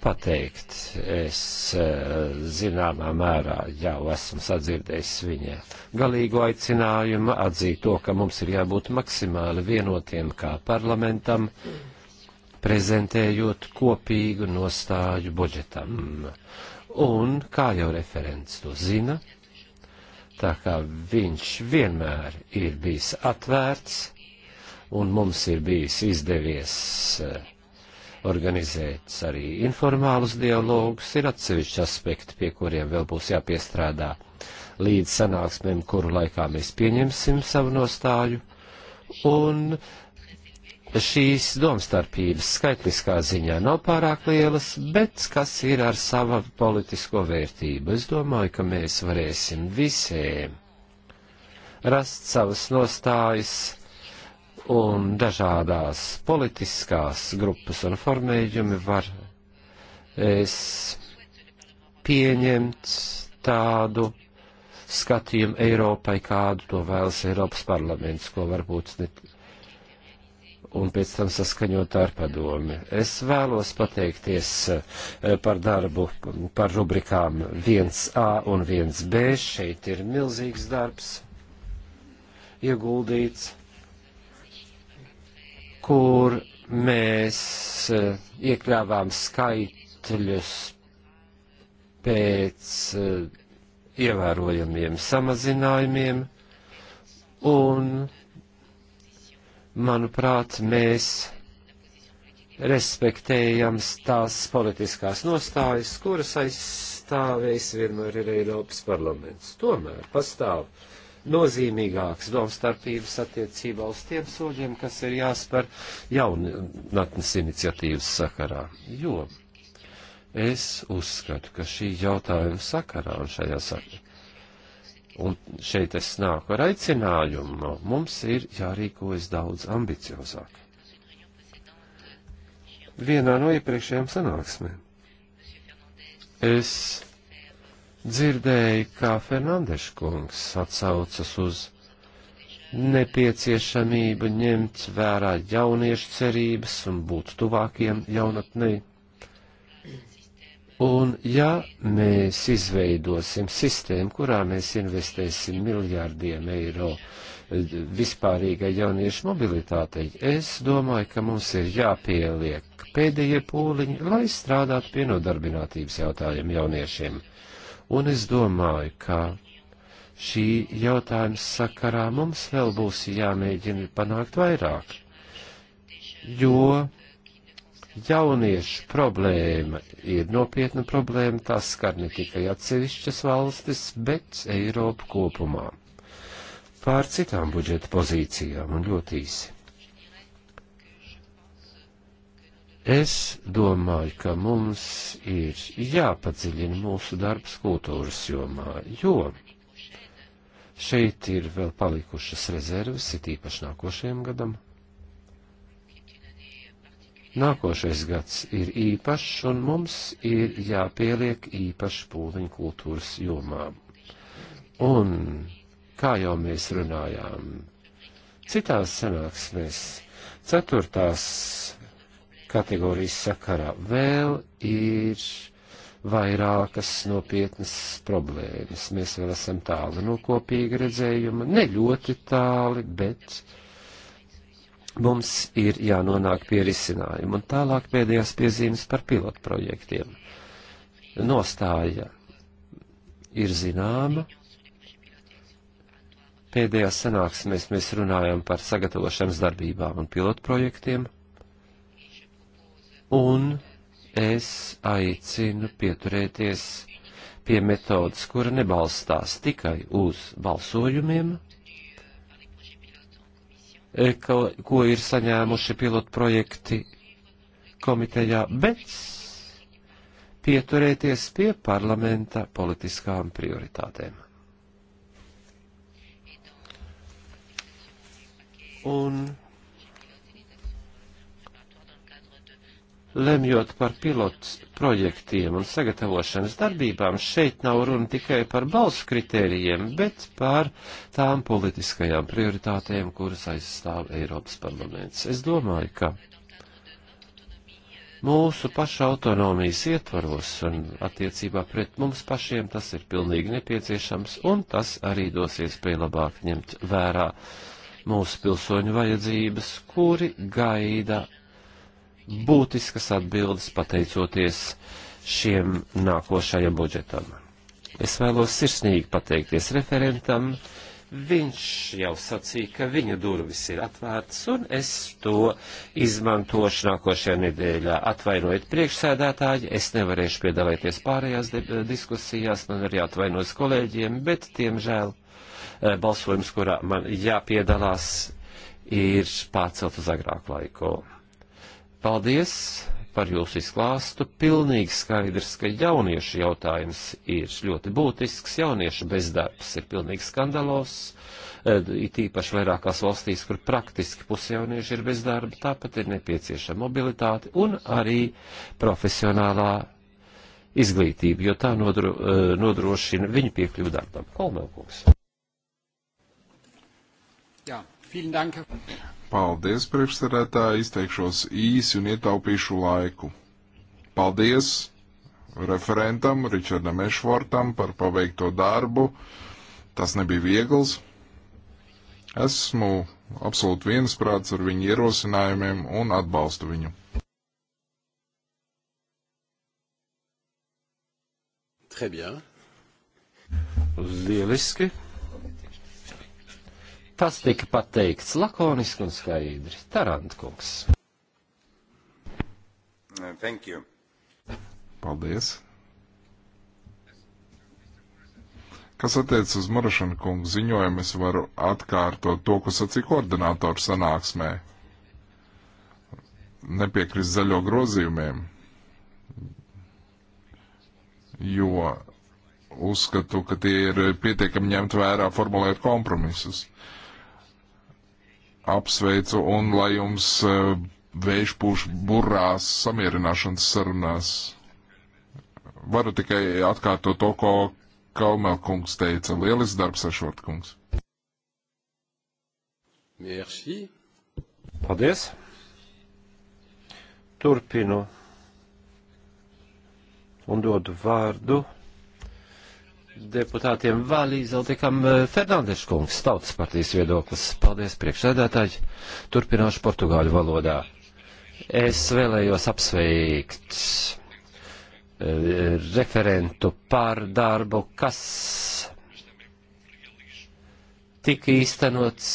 pateikt. Es eh, zināmā mērā jau esmu sadzirdējis viņa galīgo aicinājumu atzīt to, ka mums ir jābūt maksimāli vienotiem kā parlamentam, prezentējot kopīgu nostāju budžetam. Un, kā jau referents to zina, tā kā viņš vienmēr ir bijis atvērts, un mums ir bijis izdevies eh, organizēt arī informālus dialogus, ir atsevišķi aspekti, pie kuriem vēl būs jāpiestrādā līdz sanāksmēm, kuru laikā mēs pieņemsim savu nostāju, un šīs domstarpības skaitliskā ziņā nav pārāk lielas, bet kas ir ar savu politisko vērtību. Es domāju, ka mēs varēsim visiem rast savas nostājas un dažādās politiskās grupas un formējumi var es pieņemt tādu skatījumu Eiropai, kādu to vēlas Eiropas parlaments, ko varbūt ne un pēc tam saskaņot ar padomi. Es vēlos pateikties eh, par darbu, par rubrikām 1A un 1B. Šeit ir milzīgs darbs ieguldīts, kur mēs eh, iekļāvām skaitļus pēc eh, ievērojamiem samazinājumiem un manuprāt, mēs respektējam tās politiskās nostājas, kuras aizstāvēs vienmēr ir Eiropas parlaments. Tomēr pastāv nozīmīgāks domstarpības attiecībā uz tiem soļiem, kas ir jāspēr jaunatnes iniciatīvas sakarā. Jo es uzskatu, ka šī jautājuma sakarā un šajā sakarā Un šeit es nāku ar aicinājumu. Mums ir jārīkojas daudz ambiciozāk. Vienā no iepriekšējām sanāksmēm es dzirdēju, kā Fernandeša kungs atsaucas uz nepieciešamību ņemt vērā jauniešu cerības un būt tuvākiem jaunatnei. Un ja mēs izveidosim sistēmu, kurā mēs investēsim miljārdiem eiro eh, vispārīgai jauniešu mobilitātei, es domāju, ka mums ir jāpieliek pēdējie pūliņi, lai strādātu pie nodarbinātības jautājumu jauniešiem. Un es domāju, ka šī jautājuma sakarā mums vēl būs jāmēģina panākt vairāk, jo Jauniešu problēma ir nopietna problēma, tas skar ne tikai atsevišķas valstis, bet Eiropu kopumā. Pār citām budžeta pozīcijām un ļoti īsi. Es domāju, ka mums ir jāpadziļina mūsu darbs kultūras jomā, jo šeit ir vēl palikušas rezerves, ir īpaši nākošajam gadam. Nākošais gads ir īpašs, un mums ir jāpieliek īpaši pūliņu kultūras jomā. Un, kā jau mēs runājām, citās sanāksmēs, ceturtās kategorijas sakarā vēl ir vairākas nopietnas problēmas. Mēs vēl esam tālu no kopīga redzējuma, ne ļoti tāli, bet mums ir jānonāk pie risinājuma. Un tālāk pēdējās piezīmes par pilotu projektiem. Nostāja ir zināma. Pēdējā sanāksmēs mēs runājam par sagatavošanas darbībām un pilotu projektiem. Un es aicinu pieturēties pie metodas, kura nebalstās tikai uz balsojumiem, E, ko, ko ir saņēmuši pilotu projekti komitejā, bet pieturēties pie parlamenta politiskām prioritātēm. Un lemjot par pilots projektiem un sagatavošanas darbībām, šeit nav runa tikai par balsu kritērijiem, bet par tām politiskajām prioritātēm, kuras aizstāv Eiropas parlaments. Es domāju, ka mūsu paša autonomijas ietvaros un attiecībā pret mums pašiem tas ir pilnīgi nepieciešams, un tas arī dos iespēju labāk ņemt vērā mūsu pilsoņu vajadzības, kuri gaida būtiskas atbildes pateicoties šiem nākošajam budžetam. Es vēlos sirsnīgi pateikties referentam. Viņš jau sacīja, ka viņa durvis ir atvērtas, un es to izmantošu nākošajā nedēļā. Atvainojiet priekšsēdētāji, es nevarēšu piedalīties pārējās diskusijās, man arī atvainojas kolēģiem, bet, tiemžēl, eh, balsojums, kurā man jāpiedalās, ir pārcelt uz agrāku laiku. Paldies par jūsu izklāstu. Pilnīgi skaidrs, ka jauniešu jautājums ir ļoti būtisks. Jauniešu bezdarbs ir pilnīgi skandalos. E, it īpaši vairākās valstīs, kur praktiski pusjaunieši ir bezdarbi, tāpat ir nepieciešama mobilitāte un arī profesionālā izglītība, jo tā nodro, e, nodrošina viņu piekļuvu darbam. Kolmēlkungs. Jā, vielen dank. Paldies, priekšsarētāji, izteikšos īsi un ietaupīšu laiku. Paldies referentam Ričardam Ešvortam par paveikto darbu. Tas nebija viegls. Esmu absolūti viensprāts ar viņu ierosinājumiem un atbalstu viņu. Lieliski. Tas tika pateikts lakoniski un skaidri. Tarantkungs. Uh, thank you. Paldies. Kas attiecas uz Marašana kungu ziņojumu, es varu atkārtot to, ko sacīja koordinātoru sanāksmē. Nepiekrist zaļo grozījumiem, jo uzskatu, ka tie ir pietiekami ņemt vērā formulēt kompromisus. Uh, apsveicu un lai jums eh, vējš pūš burrās samierināšanas sarunās. Varu tikai atkārtot to, ko Kalmelkungs teica. Lielis darbs, Ešvartkungs. Merci. Paldies. Turpinu un dodu vārdu deputātiem Vālī Zeltikam eh, Fernandešu kungs, tautas partijas viedoklis. Paldies, priekšsēdētāji. Turpināšu portugāļu valodā. Es vēlējos apsveikt eh, referentu par darbu, kas tika īstenots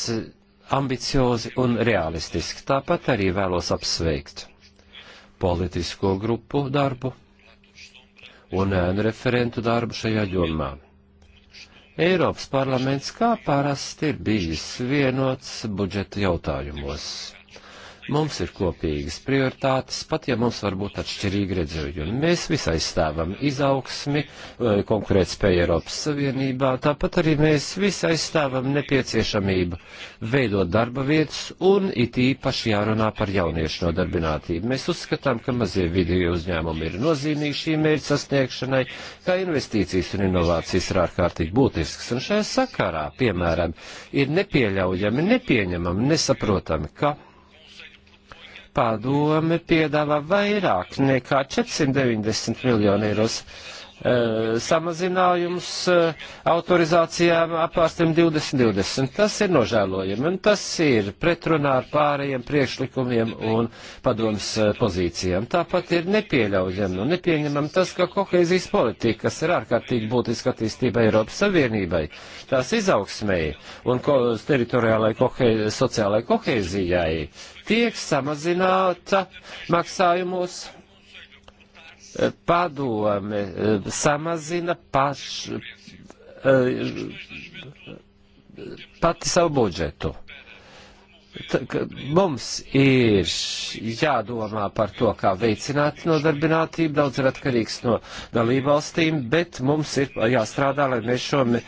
ambiciozi un realistiski. Tāpat arī vēlos apsveikt politisko grupu darbu un ēnu referentu darbu šajā jomā. Eiropas parlaments kā parasti ir bijis vienots budžeta jautājumos. Mums ir kopīgas prioritātes, pat ja mums var būt atšķirīgi redzējumi. Mēs visai stāvam izaugsmi, eh, konkurētspēju Eiropas Savienībā, tāpat arī mēs visai stāvam nepieciešamību veidot darba vietas un it īpaši jārunā par jauniešu nodarbinātību. Mēs uzskatām, ka mazie video uzņēmumi ir nozīmīgi šī mērķa sasniegšanai, kā investīcijas un inovācijas ir ārkārtīgi būtisks. Un šajā sakarā, piemēram, ir nepieļaujami, nepieņemami, nesaprotami, ka padome piedāvā vairāk nekā 490 miljonu eiros Eh, samazinājums eh, autorizācijām apārstiem 2020. Tas ir nožēlojami un tas ir pretrunā ar pārējiem priekšlikumiem un padomas eh, pozīcijām. Tāpat ir nepieļaujami un nepieņemam tas, ka kohēzijas politika, kas ir ārkārtīgi būtiska attīstība Eiropas Savienībai, tās izaugsmēji un ko, teritoriālai kohē, sociālai kohēzijai, tiek samazināta maksājumos padome eh, samazina paš, eh, pati savu budžetu. Mums ir jādomā par to, kā veicināt nodarbinātību, daudz ir atkarīgs no dalībvalstīm, bet mums ir jāstrādā, lai mēs šo eh,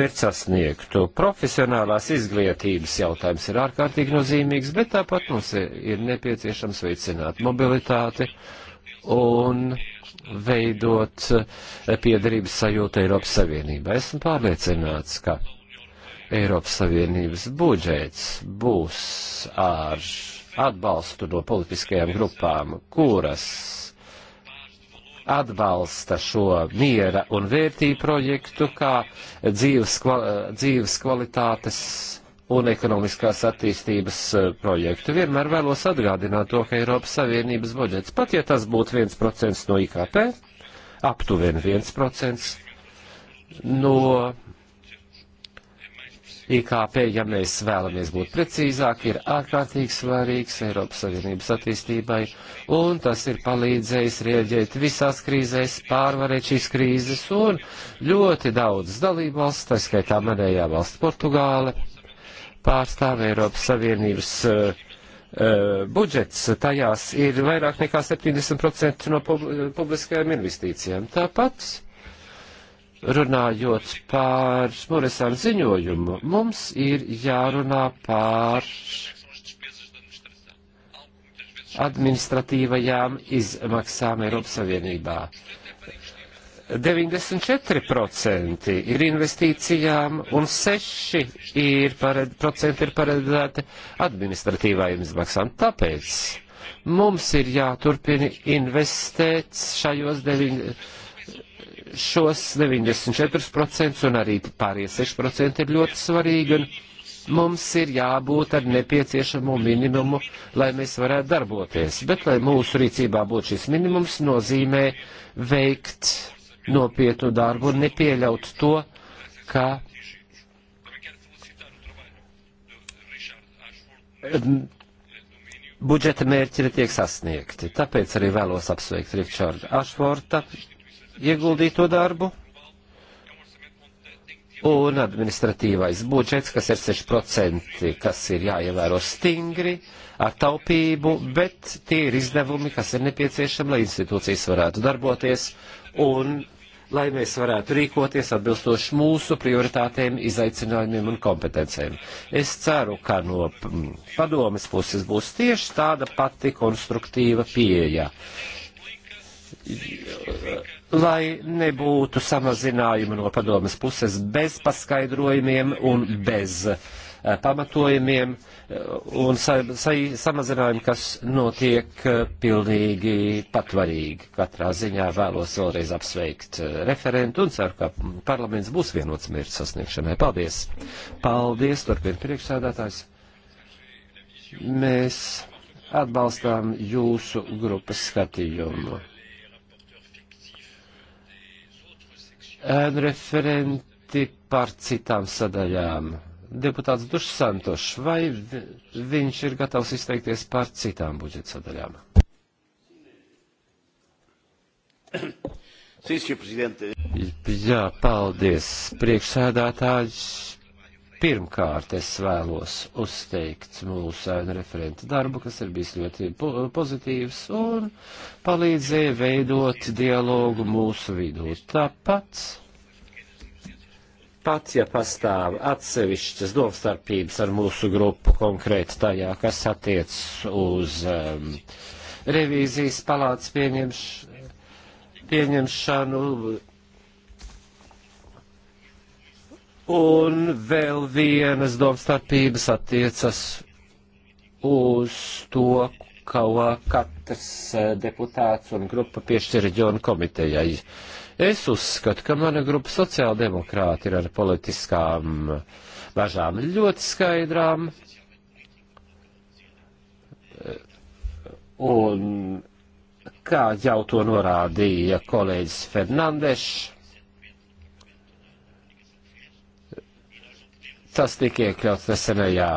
mērķi sasniegtu. Profesionālās izglītības jautājums ir ārkārtīgi nozīmīgs, bet tāpat mums ir nepieciešams veicināt mobilitāti. Uh, un veidot eh, piedarības sajūtu Eiropas Savienībā. Esmu pārliecināts, ka Eiropas Savienības budžets būs ar atbalstu no politiskajām grupām, kuras atbalsta šo miera un vērtību projektu kā dzīves, kval dzīves kvalitātes un ekonomiskās attīstības eh, projektu. Vienmēr vēlos atgādināt to, ka Eiropas Savienības budžets, pat ja tas būtu 1% no IKP, aptuveni 1% no IKP, ja mēs vēlamies būt precīzāki, ir ārkārtīgi svarīgs Eiropas Savienības attīstībai, un tas ir palīdzējis rieģēt visās krīzēs, pārvarēt šīs krīzes, un ļoti daudz dalībvalsts, tā skaitā manējā valsts Portugāle, pārstāv Eiropas Savienības uh, budžets, tajās ir vairāk nekā 70% no publiskajām investīcijām. Tāpat, runājot par Muresām ziņojumu, mums ir jārunā par administratīvajām izmaksām Eiropas Savienībā. Uh, 94% ir investīcijām un 6% ir, pared, ir paredzēti administratīvām izmaksām. Tāpēc mums ir jāturpina investēt šajos 9, šos 94% un arī pārējie 6% ir ļoti svarīgi. Un mums ir jābūt ar nepieciešamo minimumu, lai mēs varētu darboties. Bet, lai mūsu rīcībā būtu šis minimums, nozīmē veikt nopietnu darbu un nepieļaut to, ka budžeta mērķi netiek sasniegti. Tāpēc arī vēlos apsveikt Richardu Ašvorta ieguldīto darbu un administratīvais budžets, kas ir 6%, kas ir jāievēro stingri, ar taupību, bet tie ir izdevumi, kas ir nepieciešami, lai institūcijas varētu darboties un lai mēs varētu rīkoties atbilstoši mūsu prioritātēm, izaicinājumiem un kompetencēm. Es ceru, ka no padomes puses būs tieši tāda pati konstruktīva pieeja lai nebūtu samazinājumi no padomas puses bez paskaidrojumiem un bez uh, Eh, pamatojumiem eh, un sa, sa, samazinājumu, kas notiek eh, pilnīgi patvarīgi. Katrā ziņā vēlos vēlreiz apsveikt referentu un ceru, ka parlaments būs vienots mērķu sasniegšanai. Paldies! Paldies, turpina priekšsēdētājs. Mēs atbalstām jūsu grupas skatījumu. Referenti par citām sadaļām deputāts Dušs Santošs, vai viņš ir gatavs izteikties par citām budžeta sadaļām? Jā, paldies, priekšsēdētājs. Pirmkārt, es vēlos uzteikt mūsu ēnu referenta darbu, kas ir bijis ļoti pozitīvs un palīdzēja veidot dialogu mūsu vidū. Tāpat Pat ja pastāv atsevišķas domstarpības ar mūsu grupu konkrēti tajā, kas attiec uz um, revīzijas palātas pieņemš, pieņemšanu un vēl vienas domstarpības attiecas uz to, ko katrs eh, deputāts un grupa piešķir reģionu komitejai. Es uzskatu, ka mana grupa sociāldemokrāti ir ar politiskām bažām ļoti skaidrām. Eh, un kā jau to norādīja kolēģis Fernandešs, tas tika iekļauts nesenajā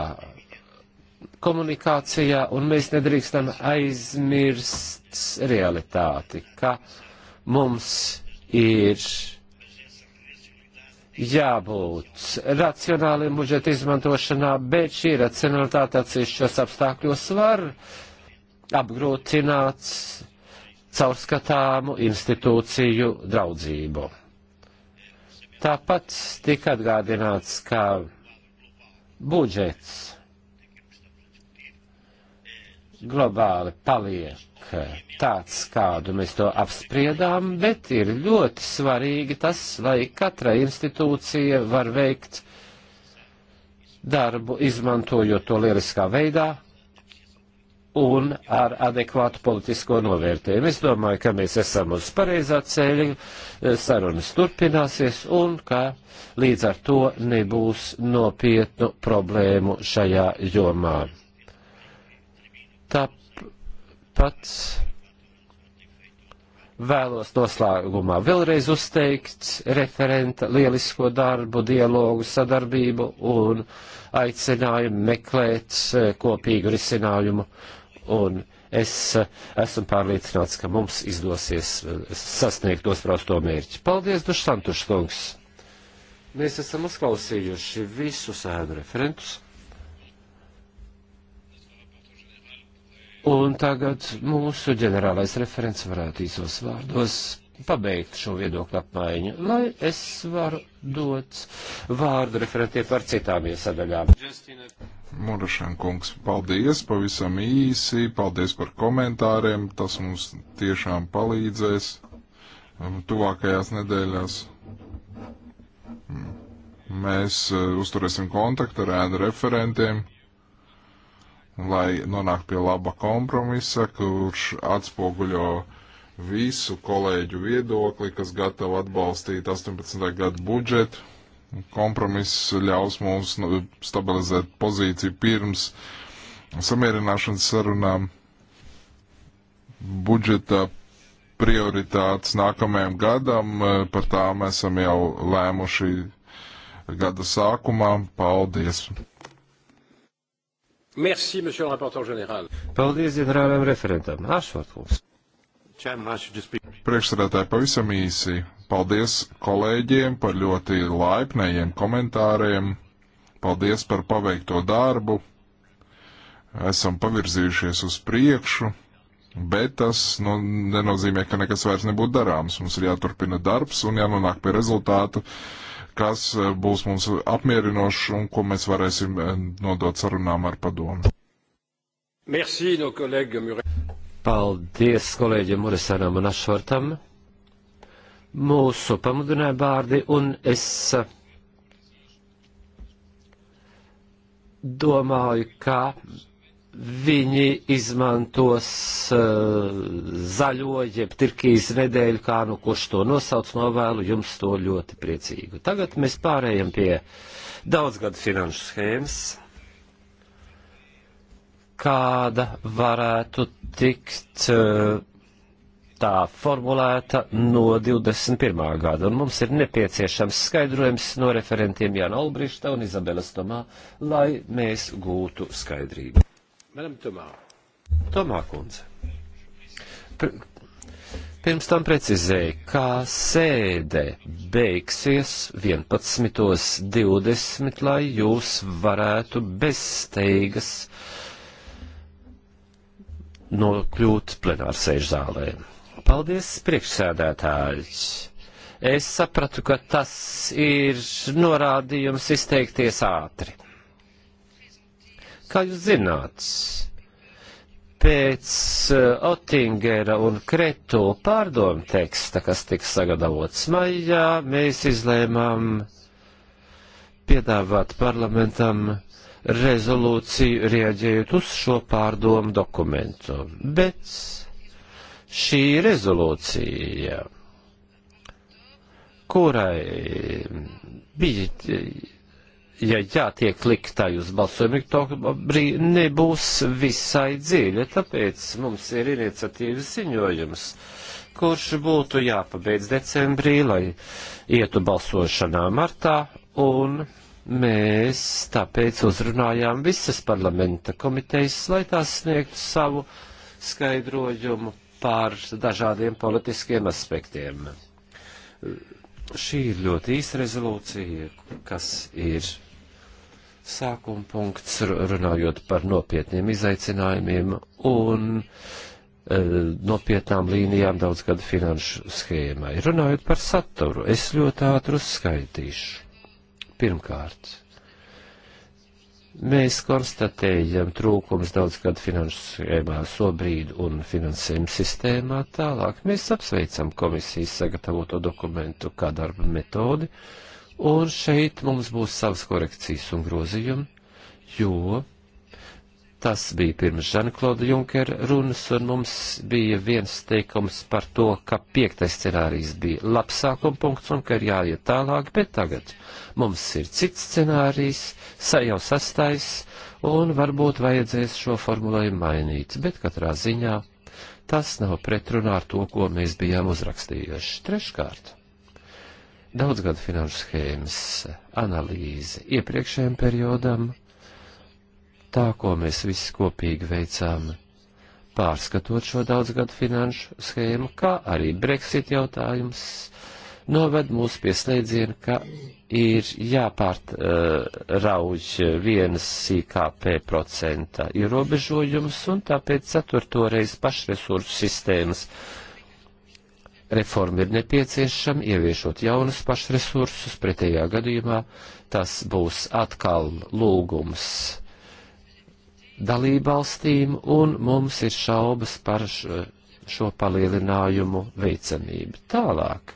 komunikācijā, un mēs nedrīkstam aizmirst realitāti, ka mums ir jābūt racionāliem budžeta izmantošanā, bet šī racionalitāte atsevišķos apstākļos var apgrūtināt caurskatāmu institūciju draudzību. Tāpat tika atgādināts, ka budžets globāli paliek tāds, kādu mēs to apspriedām, bet ir ļoti svarīgi tas, lai katra institūcija var veikt darbu, izmantojot to lieliskā veidā un ar adekvātu politisko novērtējumu. Es domāju, ka mēs esam uz pareizā ceļa, sarunas turpināsies un ka līdz ar to nebūs nopietnu problēmu šajā jomā Tāpat vēlos noslēgumā vēlreiz uzteikt referenta lielisko darbu, dialogu, sadarbību un aicinājumu meklēt eh, kopīgu risinājumu. Un es eh, esmu pārliecināts, ka mums izdosies eh, sasniegt nospraustu mērķi. Paldies, Dušantuškungs! Mēs esam uzklausījuši visus ēnu referentus. Un tagad mūsu ģenerālais referents varētu īsos vārdos pabeigt šo viedokļu apmaiņu, lai es varu dot vārdu referentiem par citām iesadaļām. Murašan kungs, paldies pavisam īsi, paldies par komentāriem, tas mums tiešām palīdzēs um, tuvākajās nedēļās. Mm. Mēs uh, uzturēsim kontaktu ar ēnu referentiem lai nonāktu pie laba kompromisa, kurš atspoguļo visu kolēģu viedokli, kas gatavo atbalstīt 18. gadu budžetu. Kompromiss ļaus mums nu, stabilizēt pozīciju pirms samierināšanas sarunām. Budžeta prioritātes nākamajam gadam, eh, par tām esam jau lēmuši gada sākumā. Paldies! Merci, monsieur le rapporteur général. Paldies, ģenerālajam referentam. Ašvartkungs. Priekšsēdētāji pavisam īsi. Paldies kolēģiem par ļoti laipnējiem komentāriem. Paldies par paveikto darbu. Esam pavirzījušies uz priekšu, bet tas nu, nenozīmē, ka nekas vairs nebūtu darāms. Mums ir jāturpina darbs un jānonāk pie rezultātu. Uh, kas eh, būs mums apmierinošs un ko mēs varēsim eh, nodot sarunām ar padomu. Merci, no Paldies kolēģiem Murisanam un Ašvartam. Mūsu pamudināja bārdi un es eh, domāju, ka viņi izmantos uh, zaļo, jeb Tirkijas nedēļu, kā nu kurš to nosauc, novēlu jums to ļoti priecīgu. Tagad mēs pārējam pie daudzgadu finanšu schēmas, kāda varētu tikt uh, tā formulēta no 21. gada, un mums ir nepieciešams skaidrojums no referentiem Jāna Olbrišta un Izabelas Tomā, lai mēs gūtu skaidrību. Madam Tomā. Tomā kundze. Pir pirms tam precizēja, kā sēde beigsies 11.20, lai jūs varētu bez steigas nokļūt plenārsēžu zālē. Paldies, priekšsēdētājs! Es sapratu, ka tas ir norādījums izteikties ātri. Kā jūs zināt, pēc eh, Otingera un Kretu pārdomu teksta, kas tika sagatavots maijā, mēs izlēmām piedāvāt parlamentam rezolūciju rieģējot uz šo pārdomu dokumentu. Bet šī rezolūcija, kurai bija ja jātiek liktai uz balsojumu oktobrī, nebūs visai dziļa, tāpēc mums ir iniciatīvas ziņojums, kurš būtu jāpabeidz decembrī, lai ietu balsošanā martā, un mēs tāpēc uzrunājām visas parlamenta komitejas, lai tās sniegtu savu skaidrojumu par dažādiem politiskiem aspektiem. Šī ir ļoti īsa rezolūcija, kas ir sākuma punkts runājot par nopietniem izaicinājumiem un e, nopietnām līnijām daudzgadu finanšu schēmai. Runājot par saturu, es ļoti ātri uzskaitīšu. Pirmkārt, mēs konstatējam trūkums daudzgadu finanšu schēmā sobrīd un finansējuma sistēmā tālāk. Mēs apsveicam komisijas sagatavoto dokumentu kā darba metodi. Uh, Un šeit mums būs savas korekcijas un grozījumi, jo tas bija pirms Žankloda Junkera runas, un mums bija viens teikums par to, ka piektais scenārijs bija labs sākuma punkts un ka ir jāiet tālāk, bet tagad mums ir cits scenārijs, sajau sastais, un varbūt vajadzēs šo formulējumu mainīt, bet katrā ziņā tas nav pretrunā ar to, ko mēs bijām uzrakstījuši. Treškārt daudzgada finanšu schēmas analīze iepriekšējiem periodam, tā, ko mēs visi kopīgi veicām, pārskatot šo daudzgadu finanšu schēmu, kā arī Brexit jautājums, noved mūs pie slēdziena, ka ir jāpārtrauj eh, uh, vienas IKP procenta ierobežojums, un tāpēc ceturto reizi pašresursu sistēmas uh, Reforma ir nepieciešama, ieviešot jaunus pašresursus, pretējā gadījumā tas būs atkal lūgums dalībvalstīm, un mums ir šaubas par šo, šo palielinājumu veicamību. Tālāk.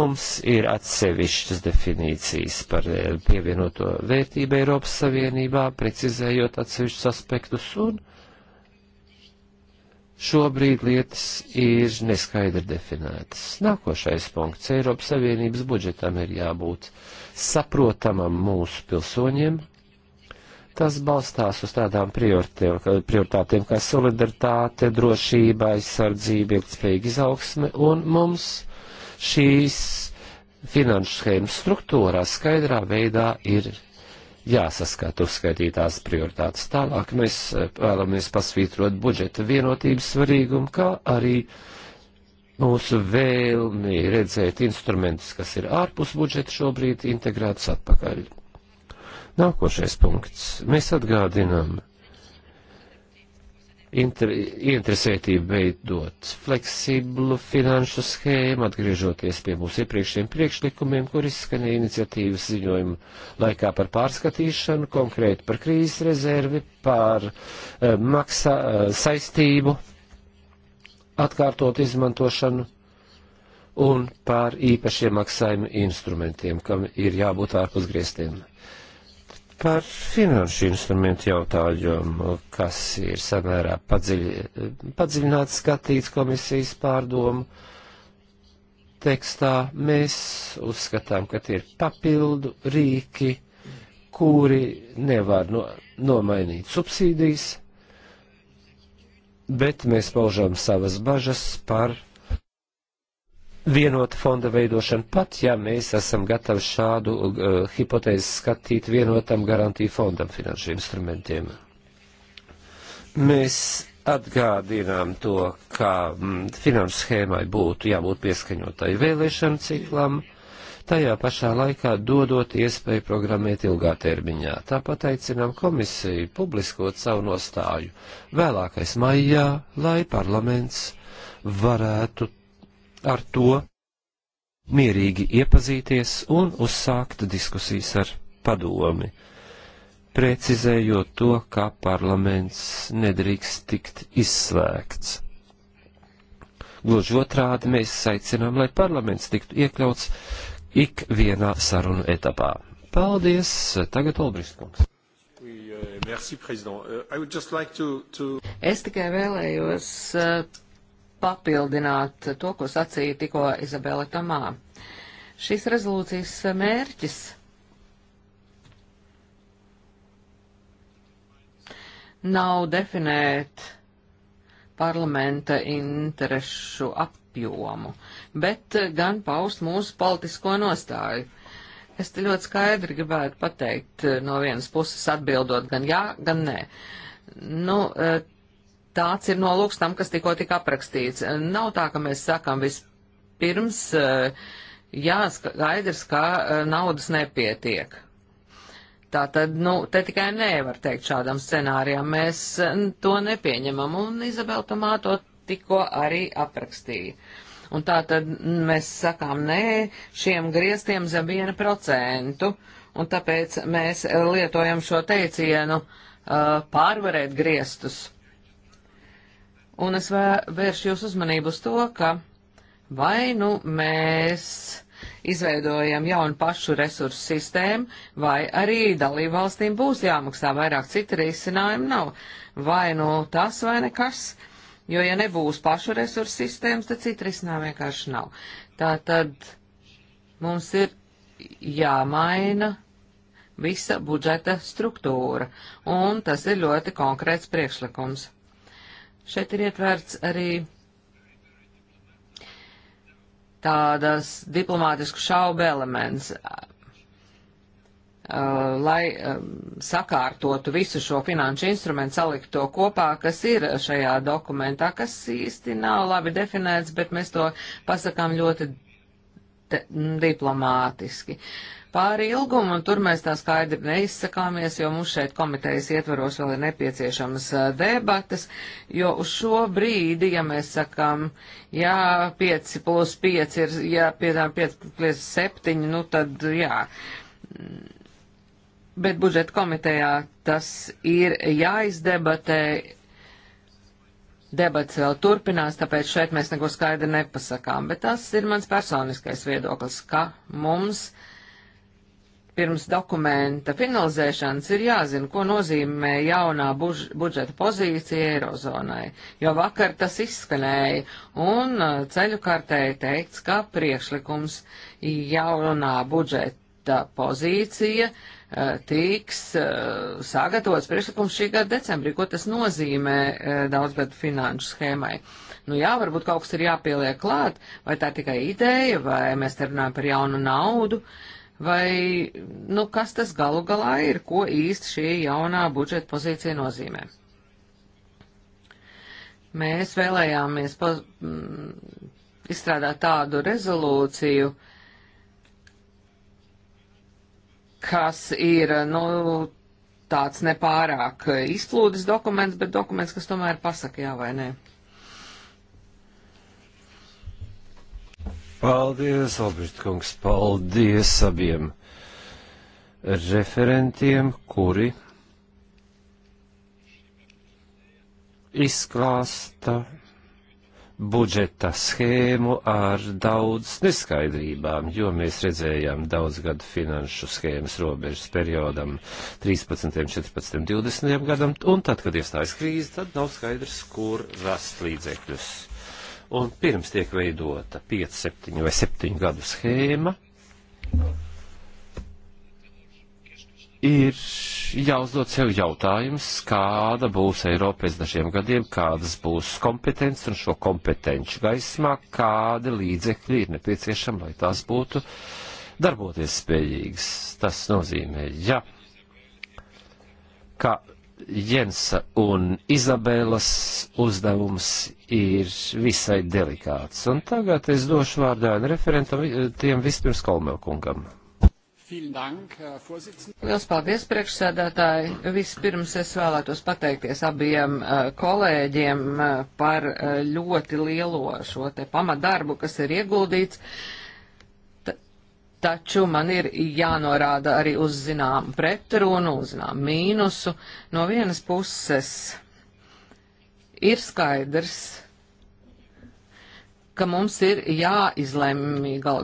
Mums ir atsevišķas definīcijas par eh, pievienoto vērtību Eiropas Savienībā, precizējot atsevišķus aspektus, un Šobrīd lietas ir neskaidri definētas. Nākošais punkts - Eiropas Savienības budžetam ir jābūt saprotamam mūsu pilsoņiem. Tas balstās uz tādām prioritātēm kā solidaritāte, drošība, aizsardzība, ilgspējīga izaugsme, un mums šīs finanšu schēmas struktūrā skaidrā veidā ir jāsaskata uzskaitītās prioritātes. Tālāk mēs eh, vēlamies pasvītrot budžeta vienotības svarīgumu, kā arī mūsu vēlmi redzēt instrumentus, kas ir ārpus budžeta šobrīd, integrētus atpakaļ. Nākošais punkts. Mēs atgādinām inter, interesētību veidot fleksiblu finanšu schēmu, atgriežoties pie mūsu iepriekšējiem priekšlikumiem, kur izskanēja iniciatīvas ziņojumu laikā par pārskatīšanu, konkrēti par krīzes rezervi, par uh, eh, maksā, uh, eh, saistību, atkārtot izmantošanu un par īpašiem maksājumu instrumentiem, kam ir jābūt ārpus griestiem. Uh, par finanšu instrumentu jautājumu, kas ir samērā padziļ, padziļināts skatīts komisijas pārdomu tekstā. Mēs uzskatām, ka tie ir papildu rīki, kuri nevar no, nomainīt subsīdijas, bet mēs paužam savas bažas par vienota fonda veidošana, pat ja mēs esam gatavi šādu uh, hipotēzi skatīt vienotam garantiju fondam finanšu instrumentiem. Mēs atgādinām to, ka mm, finanšu schēmai būtu jābūt pieskaņotai vēlēšanu ciklam, tajā pašā laikā dodot iespēju programmēt ilgā termiņā. Tāpat aicinām komisiju publiskot savu nostāju vēlākais maijā, lai parlaments varētu ar to mierīgi iepazīties un uzsākt diskusijas ar padomi, precizējot to, ka parlaments nedrīkst tikt izslēgts. Gluži otrādi mēs aicinām, lai parlaments tiktu iekļauts ik vienā sarunu etapā. Paldies! Tagad Olbriskungs. Euh, merci, euh, like to, to... Es tikai vēlējos uh, papildināt to, ko sacīja tikko Izabela Tamā. Šīs rezolūcijas mērķis nav definēt parlamenta interešu apjomu, bet gan paust mūsu politisko nostāju. Es te ļoti skaidri gribētu pateikt no vienas puses atbildot gan jā, gan nē. Nu, eh, Tāds ir nolūks tam, kas tikko tika aprakstīts. Nav tā, ka mēs sakam vispirms, eh, jā, skaidrs, ka eh, naudas nepietiek. Tā tad, nu, te tikai nevar teikt šādam scenārijam, mēs eh, to nepieņemam, un Izabela Tomā to tikko arī aprakstīja. Un tā tad mēs sakām nē šiem griestiem zem viena procentu, un tāpēc mēs lietojam šo teicienu uh, pārvarēt griestus. Un es vēršu jūs uzmanību uz to, ka vai nu mēs izveidojam jaunu pašu resursu sistēmu, vai arī dalībvalstīm būs jāmaksā vairāk, cita risinājuma nav. Vai nu tas vai nekas, jo ja nebūs pašu resursu sistēmas, tad cita risinājuma vienkārši nav. Tā tad mums ir jāmaina visa budžeta struktūra, un tas ir ļoti konkrēts priekšlikums. Šeit ir ietverts arī tādas diplomātisku šaubu elements, uh, lai um, sakārtotu visu šo finanšu instrumentu, salikt to kopā, kas ir šajā dokumentā, kas īsti nav labi definēts, bet mēs to pasakām ļoti te, diplomātiski. Pāri ilgumu, un tur mēs tā skaidri neizsakāmies, jo mums šeit komitejas ietvaros vēl ir nepieciešamas debatas, jo uz šo brīdi, ja mēs sakam, jā, 5 plus 5 ir, jā, 5 plus 7, nu tad jā. Bet budžeta komitejā tas ir jāizdebatē debats vēl turpinās, tāpēc šeit mēs neko skaidri nepasakām, bet tas ir mans personiskais viedoklis, ka mums pirms dokumenta finalizēšanas ir jāzina, ko nozīmē jaunā buž, budžeta pozīcija Eirozonai, jo vakar tas izskanēja un uh, ceļu kartēja teikts, ka priekšlikums jaunā budžeta pozīcija uh, Eh, tiks eh, sagatavots priekšlikums šī gada decembrī, ko tas nozīmē eh, daudzgadu finanšu schēmai. Nu jā, varbūt kaut kas ir jāpieliek klāt, vai tā ir tikai ideja, vai mēs te runājam par jaunu naudu, vai, nu, kas tas galu galā ir, ko īsti šī jaunā budžeta pozīcija nozīmē. Mēs vēlējāmies pa, m, mm, izstrādāt tādu rezolūciju, uh, kas ir, nu, tāds nepārāk izplūdes dokuments, bet dokuments, kas tomēr pasaka jā vai nē. Paldies, Albrecht kungs, paldies abiem referentiem, kuri izklāsta budžeta schēmu ar daudz neskaidrībām, jo mēs redzējām daudz gadu finanšu schēmas robežas periodam 13, 14, 20 gadam, un tad, kad iestājas krīze, tad nav skaidrs, kur rast līdzekļus. Un pirms tiek veidota 5, 7 vai 7 gadu schēma, ir jāuzdod sev jautājums, kāda būs Eiropa pēc dažiem gadiem, kādas būs kompetences un šo kompetenci gaismā, kādi līdzekļi ir nepieciešami, lai tās būtu darboties spējīgas. Tas nozīmē, ja ka Jensa un Izabēlas uzdevums ir visai delikāts. Un tagad es došu vārdā referentam tiem vispirms Kolmelkungam. Liels paldies, priekšsēdētāji. Vispirms es vēlētos pateikties abiem kolēģiem par ļoti lielo šo te pamatdarbu, kas ir ieguldīts. Taču man ir jānorāda arī uz zinām pretrunu, uz zinām mīnusu. No vienas puses ir skaidrs, ka mums ir jāizlemj gal,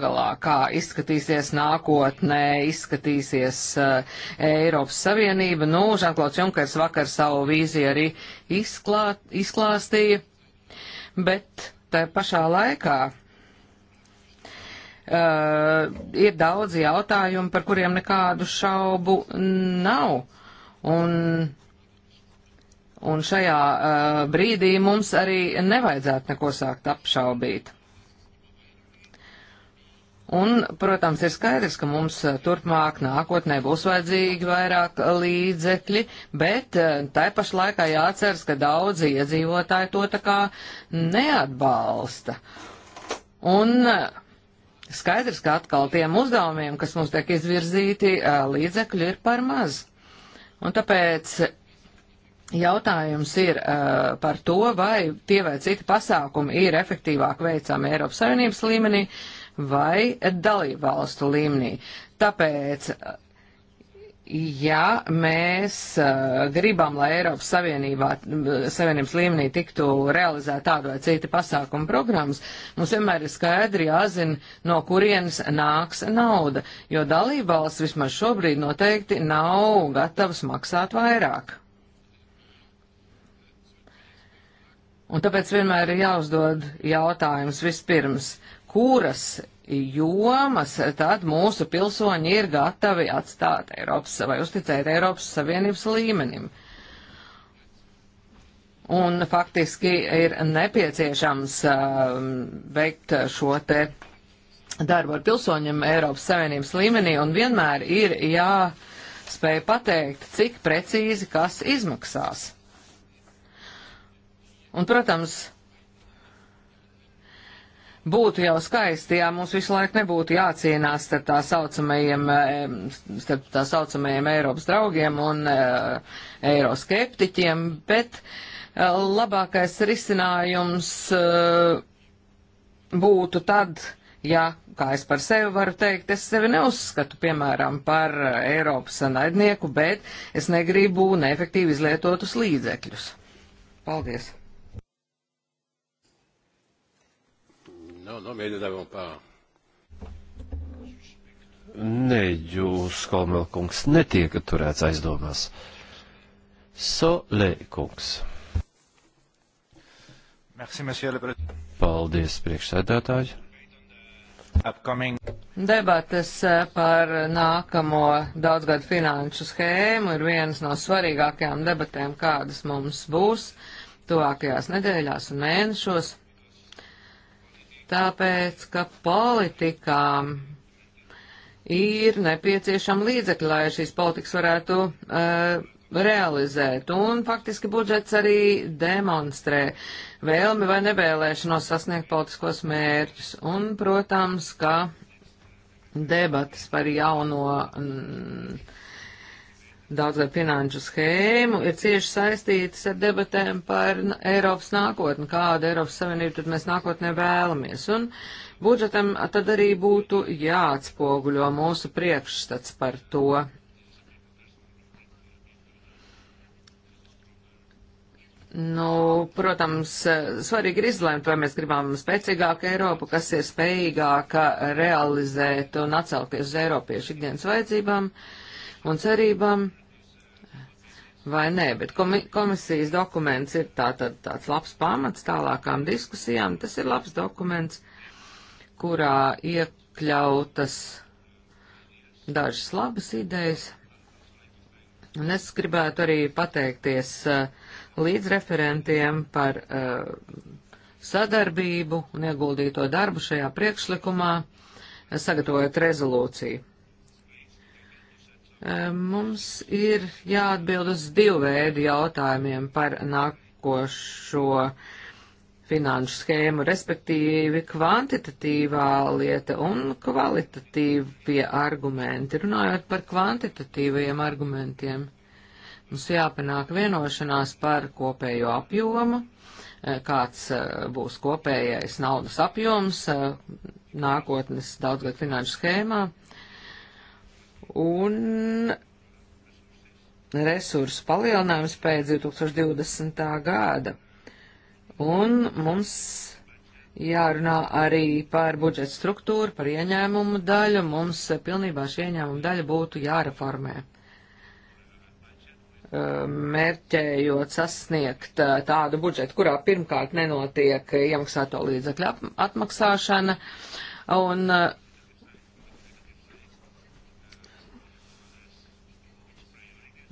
galā, kā izskatīsies nākotnē, izskatīsies uh, Eiropas Savienība. Nu, Žanklots Junkers vakar savu vīziju arī izklāt, izklāstīja, bet tā pašā laikā. Uh, ir daudzi jautājumi, par kuriem nekādu šaubu nav. Un Un šajā uh, brīdī mums arī nevajadzētu neko sākt apšaubīt. Un, protams, ir skaidrs, ka mums uh, turpmāk nākotnē būs vajadzīgi vairāk līdzekļi, bet uh, tai pašā laikā jāceras, ka daudzi iedzīvotāji to tā kā neatbalsta. Un uh, skaidrs, ka atkal tiem uzdevumiem, kas mums tiek izvirzīti, līdzekļi ir par maz. Un tāpēc Jautājums ir uh, par to, vai tie vai citi pasākumi ir efektīvāk veicami Eiropas Savienības līmenī vai dalību valstu līmenī. Tāpēc, ja mēs uh, gribam, lai Eiropas Savienībā, Savienības līmenī tiktu realizēt tādu vai citu pasākumu programmas, mums vienmēr ir skaidri jāzina, no kurienes nāks nauda, jo dalību valsts vismaz šobrīd noteikti nav gatavas maksāt vairāk. Un tāpēc vienmēr ir jāuzdod jautājums vispirms, kuras jomas tad mūsu pilsoņi ir gatavi atstāt Eiropas vai uzticēt Eiropas Savienības līmenim. Un faktiski ir nepieciešams um, veikt šo te darbu ar pilsoņiem Eiropas Savienības līmenī un vienmēr ir jāspēj pateikt, cik precīzi kas izmaksās. Un, protams, būtu jau skaisti, ja mums visu laiku nebūtu jācīnās starp tā saucamajiem, eh, starp tā saucamajiem Eiropas draugiem un uh, eiroskeptiķiem, bet uh, labākais risinājums uh, būtu tad, ja, kā es par sevi varu teikt, es sevi neuzskatu, piemēram, par Eiropas naidnieku, bet es negribu neefektīvi izlietotus līdzekļus. Paldies! Non, non, mais nous n'avons pas. Nē, jūs, Kolmelkungs, netiekat turēts aizdomās. Solē, kungs. Merci, monsieur le président. Paldies, priekšsēdētāji. Upcoming. Debates eh, par nākamo daudzgadu finanšu schēmu ir vienas no svarīgākajām debatēm, kādas mums būs tuvākajās nedēļās un mēnešos tāpēc, ka politikām ir nepieciešama līdzekļa, lai šīs politikas varētu uh, realizēt. Un faktiski budžets arī demonstrē vēlmi vai nevēlēšanos sasniegt politiskos mērķus. Un, protams, ka debatas par jauno. Mm, daudzgad finanšu schēmu ir cieši saistītas ar debatēm par Eiropas nākotni, kādu Eiropas Savienību tad mēs nākotnē vēlamies. Un budžetam tad arī būtu jāatspoguļo mūsu priekšstats par to. Nu, protams, svarīgi ir izlēmt, vai mēs gribam spēcīgāku Eiropu, kas ir spējīgāka realizēt un atsaukties uz Eiropiešu ikdienas vajadzībām. Uh, un cerībām vai nē, bet komisijas dokuments ir tā, tā, tāds labs pamats tālākām diskusijām. Tas ir labs dokuments, kurā iekļautas dažas labas idejas. Un es gribētu arī pateikties uh, līdzreferentiem par uh, sadarbību un ieguldīto darbu šajā priekšlikumā, sagatavojot rezolūciju. Mums ir jāatbild uz divu veidu jautājumiem par nākošo finanšu schēmu, respektīvi kvantitatīvā lieta un kvalitatīvie argumenti. Runājot par kvantitatīviem argumentiem, mums jāpanāk vienošanās par kopējo apjomu, kāds būs kopējais naudas apjoms nākotnes daudzgad finanšu schēmā un resursu palielinājums pēc 2020. gada. Un mums jārunā arī par budžeta struktūru, par ieņēmumu daļu. Mums pilnībā šī ieņēmuma daļa būtu jāreformē. Mērķējot sasniegt tādu budžetu, kurā pirmkārt nenotiek iemaksāto līdzekļu atmaksāšana, un uh,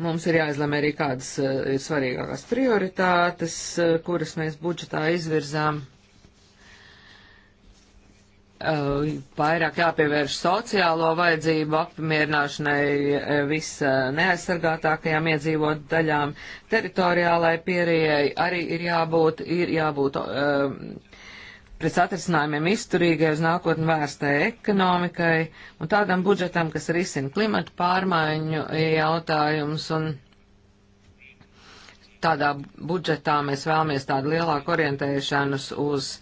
Mums ir jāizlemē arī, kādas eh, ir svarīgākās prioritātes, eh, kuras mēs budžetā izvirzām. Eh, vairāk jāpievērš sociālo vajadzību apmierināšanai visa neaizsargātākajām iedzīvot daļām. Teritoriālai pierējai arī ir jābūt, ir jābūt uh, pret satrisinājumiem izturīgai uz nākotni vērstai ekonomikai un tādam budžetam, kas risina klimatu pārmaiņu jautājums un tādā budžetā mēs vēlamies tādu lielāku orientēšanos uz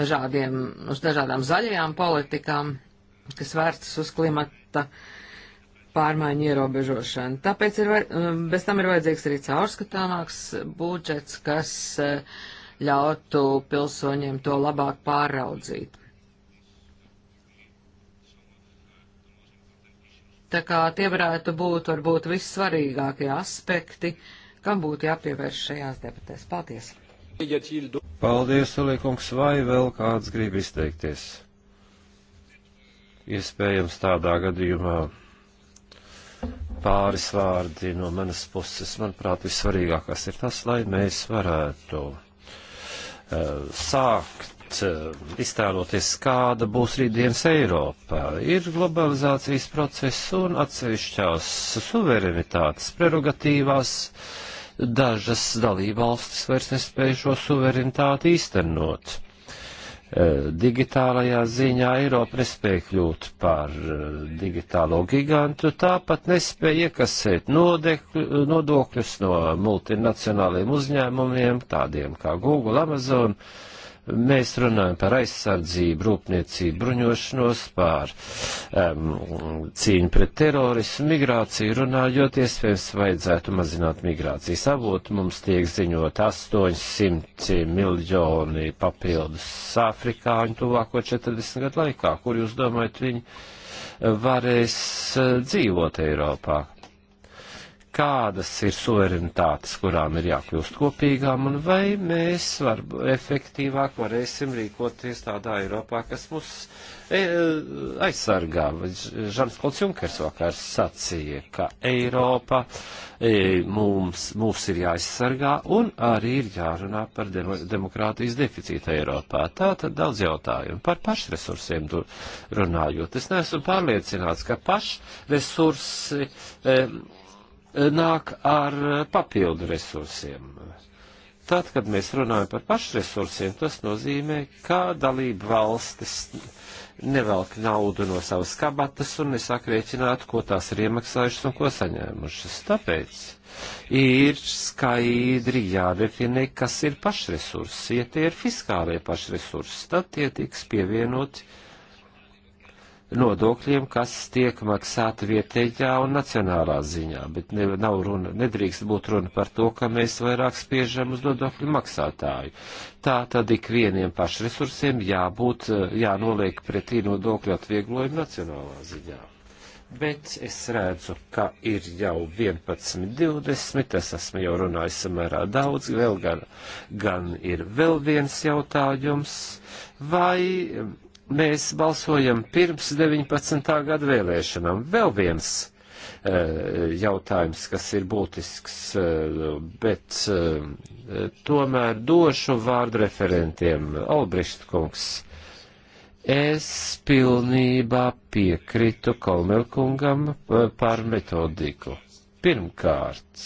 dažādiem, uz dažādām zaļajām politikām, kas vērstas uz klimata pārmaiņu ierobežošanu. Tāpēc ir, um, bez tam ir vajadzīgs arī caurskatāmāks budžets, kas uh, ļautu pilsoņiem to labāk pāraudzīt. Tā kā tie varētu būt varbūt vissvarīgākie aspekti, kam būtu jāpievērš šajās debatēs. Paldies! Paldies, Ulīkungs, vai vēl kāds grib izteikties? Iespējams, tādā gadījumā pāris vārdi no manas puses, manuprāt, vissvarīgākais ir tas, lai mēs varētu sākt iztēloties, kāda būs rītdienas Eiropa. Ir globalizācijas process un atsevišķās suverenitātes prerogatīvās dažas dalībvalstis vairs nespēja šo suverenitāti īstenot. Eh, digitālajā ziņā Eiropa nespēja kļūt par eh, digitālo gigantu, tāpat nespēja iekasēt nodekļu, eh, nodokļus no multinacionāliem uzņēmumiem, tādiem kā Google, Amazon, uh, Mēs runājam par aizsardzību, rūpniecību, bruņošanos, pār um, cīņu pret terorismu, migrāciju runājot, iespējams, vajadzētu mazināt migrācijas avotu. Mums tiek ziņot 800 miljoni papildus afrikāņu tuvāko 40 gadu laikā, kur jūs domājat, viņi varēs eh, dzīvot Eiropā kādas ir suverenitātes, kurām ir jākļūst kopīgām, un vai mēs var, efektīvāk varēsim rīkoties tādā Eiropā, kas mūs e, aizsargā. Žans Klods Junkers vakar sacīja, ka Eiropa e, mums, mums ir jāaizsargā, un arī ir jārunā par demo, demokrātijas deficītu Eiropā. Tā tad daudz jautājumu par pašresursiem runājot. Es neesmu pārliecināts, ka pašresursi. E, nāk ar eh, papildu resursiem. Tad, kad mēs runājam par pašresursiem, tas nozīmē, ka dalība valstis nevelk naudu no savas kabatas un nesakrēķinātu, ko tās ir iemaksājušas un ko saņēmušas. Tāpēc ir skaidri jādefinē, kas ir pašresursi. Ja tie ir fiskālie pašresursi, tad tie tiks pievienoti nodokļiem, kas tiek maksāti vietējā un nacionālā ziņā, bet ne, nav runa, nedrīkst būt runa par to, ka mēs vairāk spiežam uz nodokļu maksātāju. Tā tad ikvieniem pašresursiem jābūt, jānoliek pretī nodokļu atvieglojumu nacionālā ziņā. Bet es redzu, ka ir jau 11, 20, es esmu jau runājis samērā daudz, vēl gan, gan ir vēl viens jautājums, vai mēs balsojam pirms 19. gada vēlēšanām. Vēl viens e, jautājums, kas ir būtisks, e, bet e, tomēr došu vārdu referentiem. Albrišt kungs, es pilnībā piekritu Kalmelkungam par metodiku. Pirmkārt,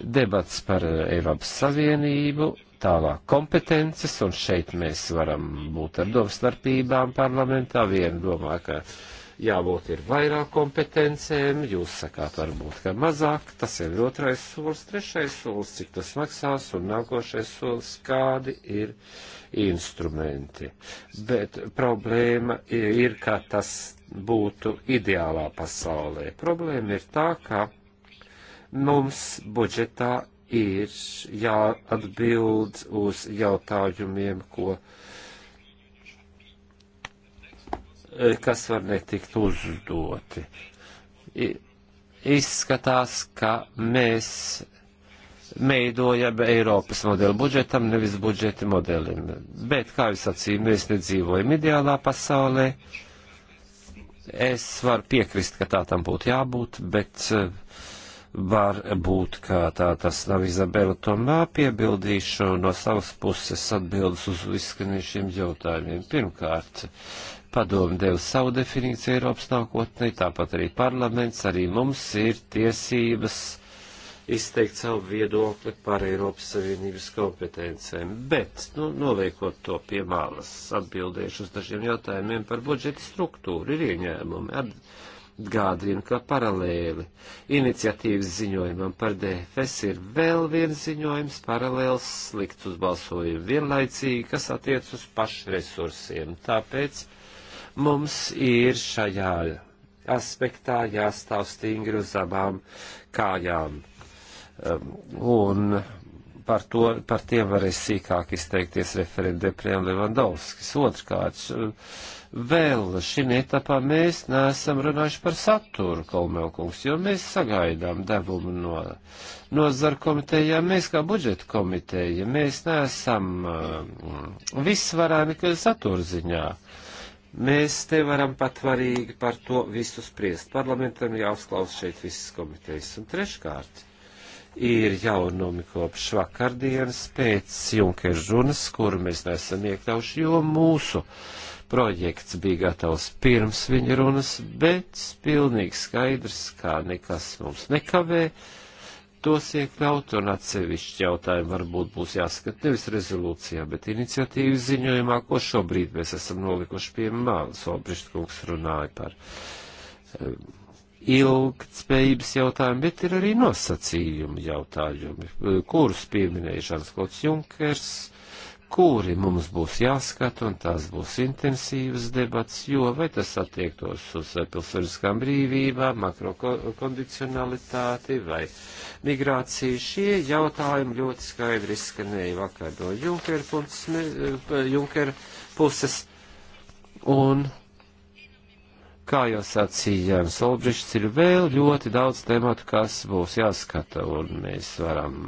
debats par Eiropas Savienību tālāk kompetences, un šeit mēs varam būt ar domstarpībām parlamentā. Viena domā, ka jābūt ir vairāk kompetencēm, jūs sakāt varbūt, ka mazāk, tas ir otrais solis, trešais solis, cik tas maksās, un nākošais solis, kādi ir instrumenti. Bet problēma ir, ka tas būtu ideālā pasaulē. Problēma ir tā, ka mums budžetā ir jāatbild uz jautājumiem, ko, eh, kas var netikt uzdoti. Izskatās, ka mēs veidojam Eiropas modeli budžetam, nevis budžeti modelim. Bet, kā jūs sacījāt, mēs nedzīvojam ideālā pasaulē. Es varu piekrist, ka tā tam būtu jābūt, bet uh, var būt, kā tā tas nav Izabela. Tomēr piebildīšu no savas puses atbildes uz izskanījušiem jautājumiem. Pirmkārt, padomu deva savu definīciju Eiropas nākotnē, tāpat arī parlaments, arī mums ir tiesības izteikt savu viedokli par Eiropas Savienības kompetencēm. Bet, nu, noliekot to pie malas, atbildēšu uz dažiem jautājumiem par budžeta struktūru, ir ieņēmumi. At atgādinu, ka paralēli iniciatīvas ziņojumam par DFS ir vēl viens ziņojums paralēls slikts uz balsojumu vienlaicīgi, kas attiec uz pašresursiem. Tāpēc mums ir šajā aspektā jāstāv stingri uz abām kājām. Um, un par, to, par tiem varēs sīkāk izteikties referendēprē un Levandovskis. Otrkārt, vēl šim etapā mēs neesam runājuši par saturu, Kolmelkungs, jo mēs sagaidām devumu no nozara komitejām, mēs kā budžeta komiteja, mēs neesam uh, visvarāni, ka satura ziņā. Mēs te varam patvarīgi par to visu spriest. Parlamentam jāuzklaus šeit visas komitejas. Un treškārt, ir jaunumi kopš vakardienas pēc Junkers runas, kuru mēs nesam iekļauši, jo mūsu projekts bija gatavs pirms viņa runas, bet pilnīgi skaidrs, kā nekas mums nekavē tos iekļaut, un atsevišķi jautājumi varbūt būs jāskat nevis rezolūcijā, bet iniciatīvas ziņojumā, ko šobrīd mēs esam nolikuši pie māla, Sobrišķkungs runāja par. Um, ilgtspējības jautājumi, bet ir arī nosacījumi jautājumi, eh, kurus pieminēja Žans Klots Junkers, kuri mums būs jāskata, un tās būs intensīvas debats, jo vai tas attiektos uz eh, pilsoniskām brīvībām, makrokondicionalitāti vai migrāciju. Šie jautājumi ļoti skaidri izskanēja vakar no Junkera puses, eh, Junker puses un kā jau sacīja Jānis Olbrišs, ir vēl ļoti daudz tematu, kas būs jāskata, un mēs varam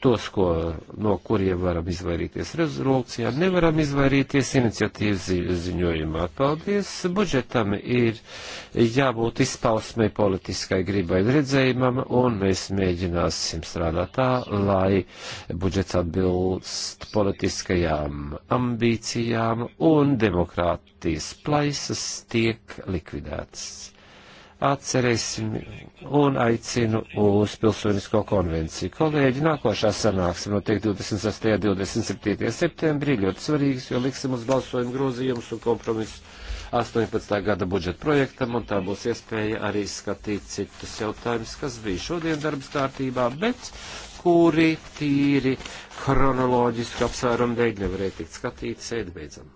tos, ko, no kuriem varam izvairīties rezolūcijā, nevaram izvairīties iniciatīvas ziņojumā. Paldies! Budžetam ir jābūt izpausmei politiskai gribai un redzējumam, un mēs mēģināsim strādāt tā, lai budžets atbilst politiskajām ambīcijām un demokrātijas plaisas tiek likvidētas atcerēsim un aicinu uz pilsonisko konvenciju. Kolēģi, nākošā sanāksme notiek 26. un 27. septembrī, ļoti svarīgs, jo liksim uz balsojumu grozījumus un kompromisu 18. gada budžeta projektam, un tā būs iespēja arī skatīt citus jautājumus, kas bija šodien darbas kārtībā, bet kuri tīri hronoloģisku apsvērumu dēļ nevarēja tikt skatīti, sēdi beidzam.